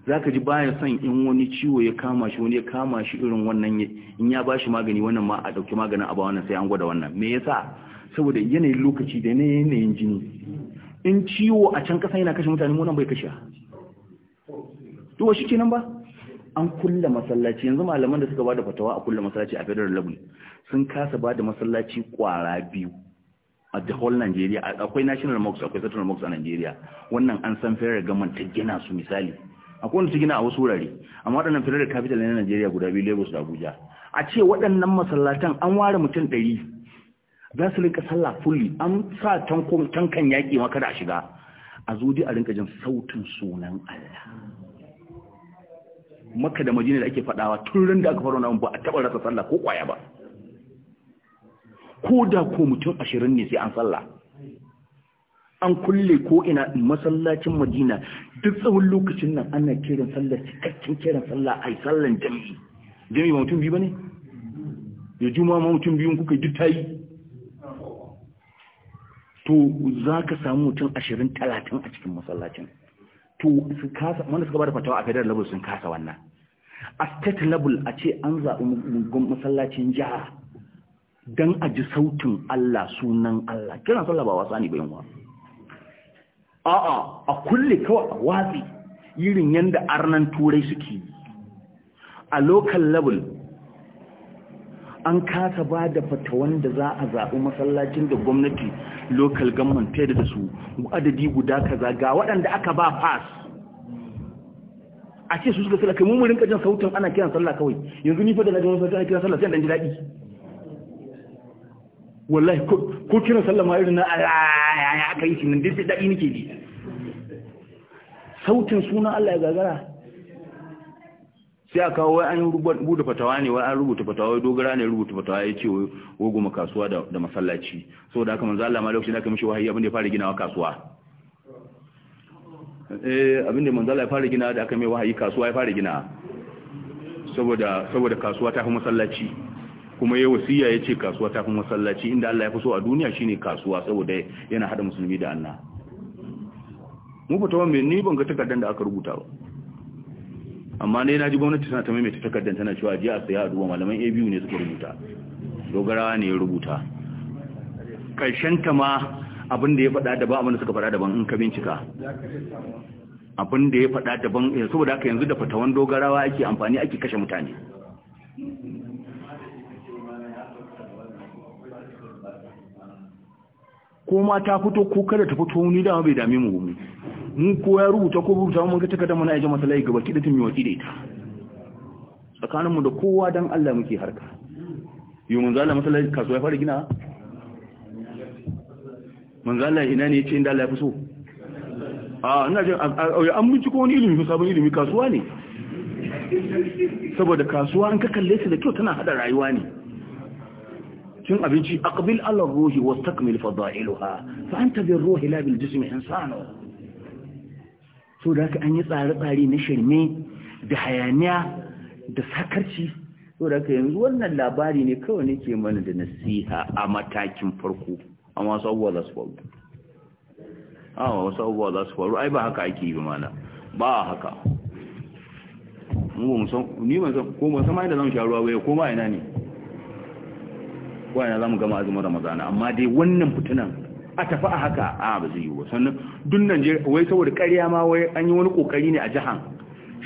S1: za ka ji baya son in wani ciwo ya kama shi wani ya kama shi irin wannan in ya ba shi magani wannan ma a dauki maganin a ba wannan sai an gwada wannan me yasa saboda yanayin lokaci da yanayin jini in ciwo a can kasa yana kashe mutane mu nan bai kashe to shi kenan ba an kulle masallaci yanzu malaman da suka bada fatawa a kulle masallaci a federal level sun kasa bada masallaci kwara biyu a the whole Nigeria akwai national mosque akwai central mosque a Nigeria wannan an san federal government ta gina su misali akwai wanda su gina a wasu wurare amma waɗannan federal capital na Nigeria guda biyu Lagos da Abuja a ce waɗannan masallatan an ware mutum ɗari za su rinka sallah fully an sa tankon tankan yaƙi maka da shiga a zo a rinka jin sautin sunan Allah makka da madina da ake fadawa tun ran da aka fara wannan ba a taba rasa sallah ko kwaya ba ko da ko mutum ashirin ne sai an sallah an kulle ko ina masallacin madina duk tsawon lokacin nan ana kiran sallah cikakken kiran sallah ai sallan jami'i jami'i ba mutum biyu bane ya juma ma mutum biyun kuka duk tayi to za ka samu mutum ashirin talatin a cikin masallacin to su kasa wanda suka bada fatawa a federal level sun kasa wannan a state level a ce an zaɓi masallacin jiha don a ji sautin Allah sunan Allah kiran sallah ba wasa ne bayan wa a'a a kulle kawai a watsi irin yadda arnan turai suke a local level an kasa ba da fata wanda za a zaɓi masallacin da gwamnati local government ta da su adadi guda kaza ga waɗanda aka ba pass a ce su suka sallah kai mummurin kajin sautin ana kiran sallah kawai yanzu ni da na sautin ana kiran sallah sai dan ji daɗi wallahi ko kiran sallah ma irin na aka yi shi nan dai daɗi nake ji sautin suna Allah ya gagara sai a kawo wai an rubuta fatawa ne wai an rubuta fatawa wai dogara ne rubuta fatawa ya ce wai goma kasuwa da masallaci saboda haka manzo Allah ma lokacin da aka mishi wahayi abin da ya fara ginawa kasuwa eh abin da manzo Allah ya fara ginawa da aka mai wahayi kasuwa ya fara ginawa saboda saboda kasuwa ta fi masallaci kuma yayi wasiya ya ce kasuwa ta fi masallaci inda Allah ya fi so a duniya shine kasuwa saboda yana hada musulmi da Allah mu fatawa mai ni ban ga takardar da aka rubuta ba amma ne na ji gwamnati tana ta maimaita takardar tana cewa jiya a tsaye a duba malaman biyu ne suka rubuta dogarawa ne ya rubuta ƙarshen ta ma abin da ya faɗa daban abin da suka faɗa daban in ka bincika abin da ya faɗa daban eh, saboda haka yanzu da fatawan dogarawa ake amfani ake kashe mutane ko ma ta fito ko kada ta fito wani dama bai dami mu mu mun ko ya rubuta ko rubuta mun ga takardar mu na aje masa layi gaba kidatin mi wasi da ita tsakanin mu da kowa dan Allah muke harka yau mun zalla masa layi kasuwa ya fara gina mun zalla ina ne yace inda Allah ya fi so a ina ji an ko wani ilimi sabon ilimi kasuwa ne saboda kasuwa an ka kalle shi da kyau tana hada rayuwa ne cin abinci aqbil ala ruhi wastakmil fada'iluha fa anta bil ruhi la bil jismi insanu so da haka an yi tsare-tsare na shirme da hayaniya da sakarci so da haka yanzu wannan labari ne kawai nake mana da nasiha a matakin farko A masu abuwa za su faru a masu abuwa za su faru ai ba haka ake yi mana ba haka ni ban san ko ban san ma sha ruwa ba ko ma ne ko ina mu gama azumin ramadana amma dai wannan fitunan a tafi a haka a ba zai yi wasannin sannan dun Najeriya wai saboda ƙarya ma wai an yi wani kokari ne a jihan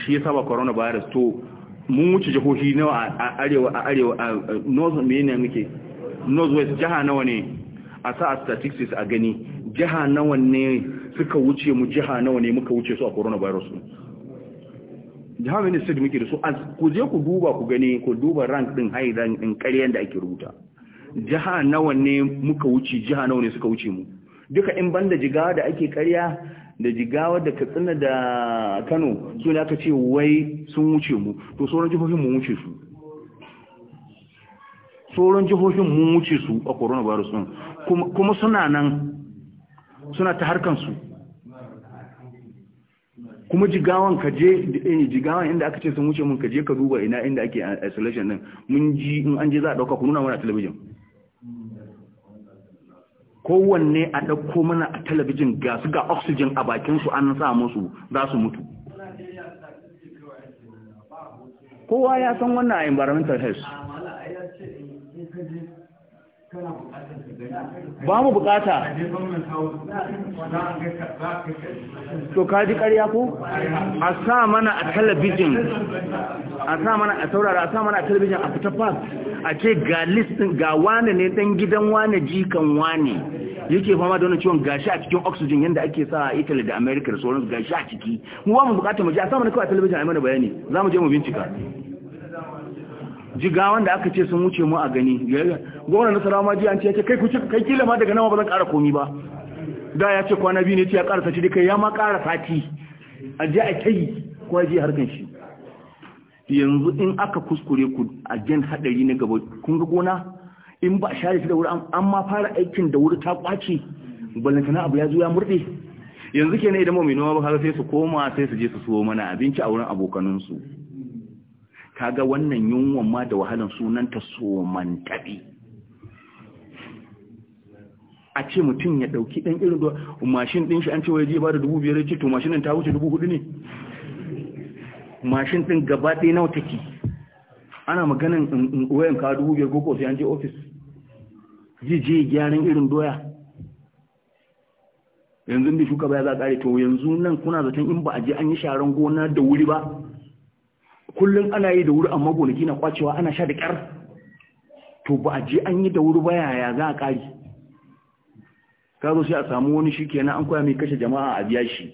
S1: shi ya saba coronavirus to mun wuce jihohi nawa a arewa a arewa a north mena muke northwest jiha nawa ne a sa a statistics a gani jiha nawa ne suka wuce mu jiha nawa ne muka wuce su a coronavirus jiha mena state muke da su ku je ku duba ku gani ku duba rank din haidan din ƙaryan da ake rubuta jiha nawa ne muka wuce jiha nawa ne suka wuce mu duka in banda jigawa da ake karya da jigawa da katsina da kano su ne aka ce wai sun wuce mu to sauran jihohin mun wuce su sauran jihohin mun wuce su a coronavirus din kuma suna nan suna ta su kuma jigawan ka je eh, jigawan inda aka ce sun wuce mun ka je ka duba ina inda ake isolation din mun ji in an je za a dauka ku nuna mana talabijin kowanne a ɗauko mana a talabijin ga su ga oxygen a bakinsu an sa musu za su mutu kowa ya san wannan environmental health
S2: ba mu bukata to ka ji ƙarya ko a sa mana a talabijin a sa mana
S1: a saurara a sa mana a talabijin a fita fas a ce ga listin ga wane ne dan gidan wane jikan wane yake fama da wani ciwon gashi a cikin oxygen yadda ake sa a italy da america da sauransu gashi a ciki mu ba mu bukata mu ji a sa mana kawai a talabijin a yi mana bayani za mu je mu bincika jigawan da aka ce sun wuce mu a gani gwamnan nasara ma ji an ce kai kuce kai kila ma daga nawa ba zan kara komi ba da ya ce kwana biyu ne ce ya ƙara sati duka ya ma kara sati a ji a kai ko ya harkan shi yanzu in aka kuskure ku a jan hadari na gaba kun ga gona in ba share shi da wuri an ma fara aikin da wuri ta kwace ballantana abu ya zo ya murde yanzu kenan idan mu mai noma ba har sai su koma sai su je su suwo mana abinci a wurin abokanansu kaga wannan yunwan ma da wahalan sunanta tabi a ce mutum ya dauki dan irin da mashin din shi an ce wai je ba da 2500 ya ce to mashinin ta wuce 4000 ne mashin din gaba ɗaya nawa take ana maganin wayan ka 2500 ko sai an je office ji ji gyaran irin doya yanzu da shuka baya za a kare to yanzu nan kuna zaton in ba a je an yi sharan gona da wuri ba kullum ana yi da wuri amma gonaki na kwacewa ana sha da ƙyar to ba a je an yi da wuri ba yaya za a ƙari ka zo sai a samu wani shi kenan an koya mai kashe jama'a a biya shi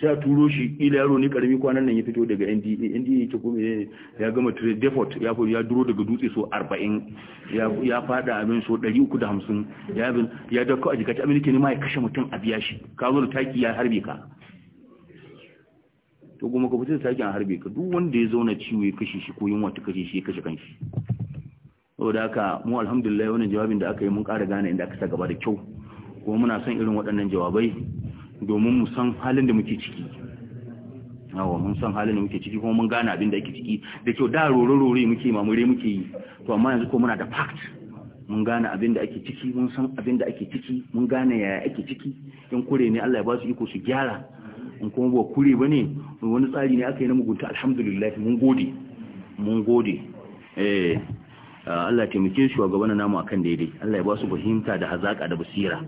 S1: sai a turo shi ila yaro ne karami kwanan nan ya fito daga NDA NDA yake kuma ya gama trade depot ya ya duro daga dutse so 40 ya fada abin so 350 ya bin ya dauko a jikaci abin ne ma ya kashe mutum a biya shi ka zo da taki ya harbe ka ko kuma ka fita sakin harbe ka duk wanda ya zauna ciwo ya kashe shi ko yunwa ta kashe shi ya kashe kanshi saboda haka mu alhamdulillah wannan jawabin da aka yi mun ƙara gane inda aka sa gaba da kyau kuma muna son irin waɗannan jawabai domin mu san halin da muke ciki yawa mun san halin da muke ciki kuma mun gane abin da ake ciki da kyau da rore-rore muke mamure muke yi to amma yanzu ko muna da fact mun gane abin da ake ciki mun san abin da ake ciki mun gane yaya ake ciki yan kure ne Allah ya ba su iko su gyara in kuma ba kure ba ne wani tsari ne aka yi na mugunta alhamdulillah mun gode mun gode eh Allah taimake shi wa gabanin namu akan daidai Allah ya ba su fahimta da hazaka da basira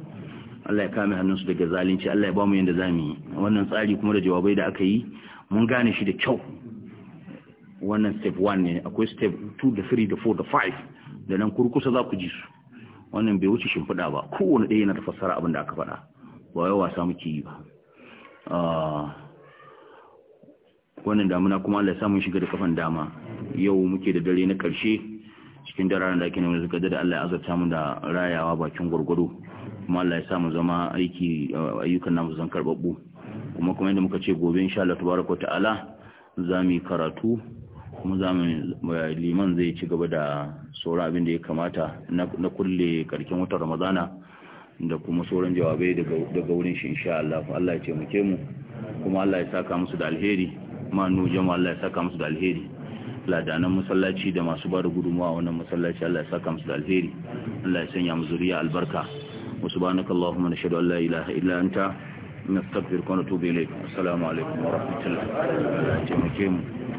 S1: Allah ya kame su daga zalunci Allah ya ba mu yanda zamu yi wannan tsari kuma da jawabai da aka yi mun gane shi da kyau wannan step 1 ne akwai step 2 da 3 da 4 da 5 da nan kurkusa za ku ji su wannan bai wuce shimfiɗa ba kowane ɗaya yana da fassara abin da aka faɗa ba wai wasa muke yi ba Ah, wannan damuna kuma Allah ya samu shiga da kafan dama yau muke da dare na karshe cikin dararen da ake neman zuka da Allah ya azurta mu da rayawa bakin gwargwado kuma Allah ya samu zama aiki ah, ayyukan namu zan karbabbu kuma kuma inda muka ce gobe insha Allah tabaraka ta'ala za mu karatu kuma za eh, liman zai ci gaba da sauran abin da ya kamata na kulle karkin watan Ramadana da kuma sauran jawabai daga wurin shi insha Allah Allah ya taimake mu kuma Allah ya saka musu da alheri ma nu jama'a Allah ya saka musu da alheri ladanan masallaci da masu ba da gudunmawa wannan masallaci Allah ya saka musu da alheri Allah ya sanya mu zuriya albarka wa subhanaka allahumma nashhadu an la ilaha illa anta nastaghfiruka wa natubu ilayk assalamu alaikum wa
S2: rahmatullahi wa barakatuh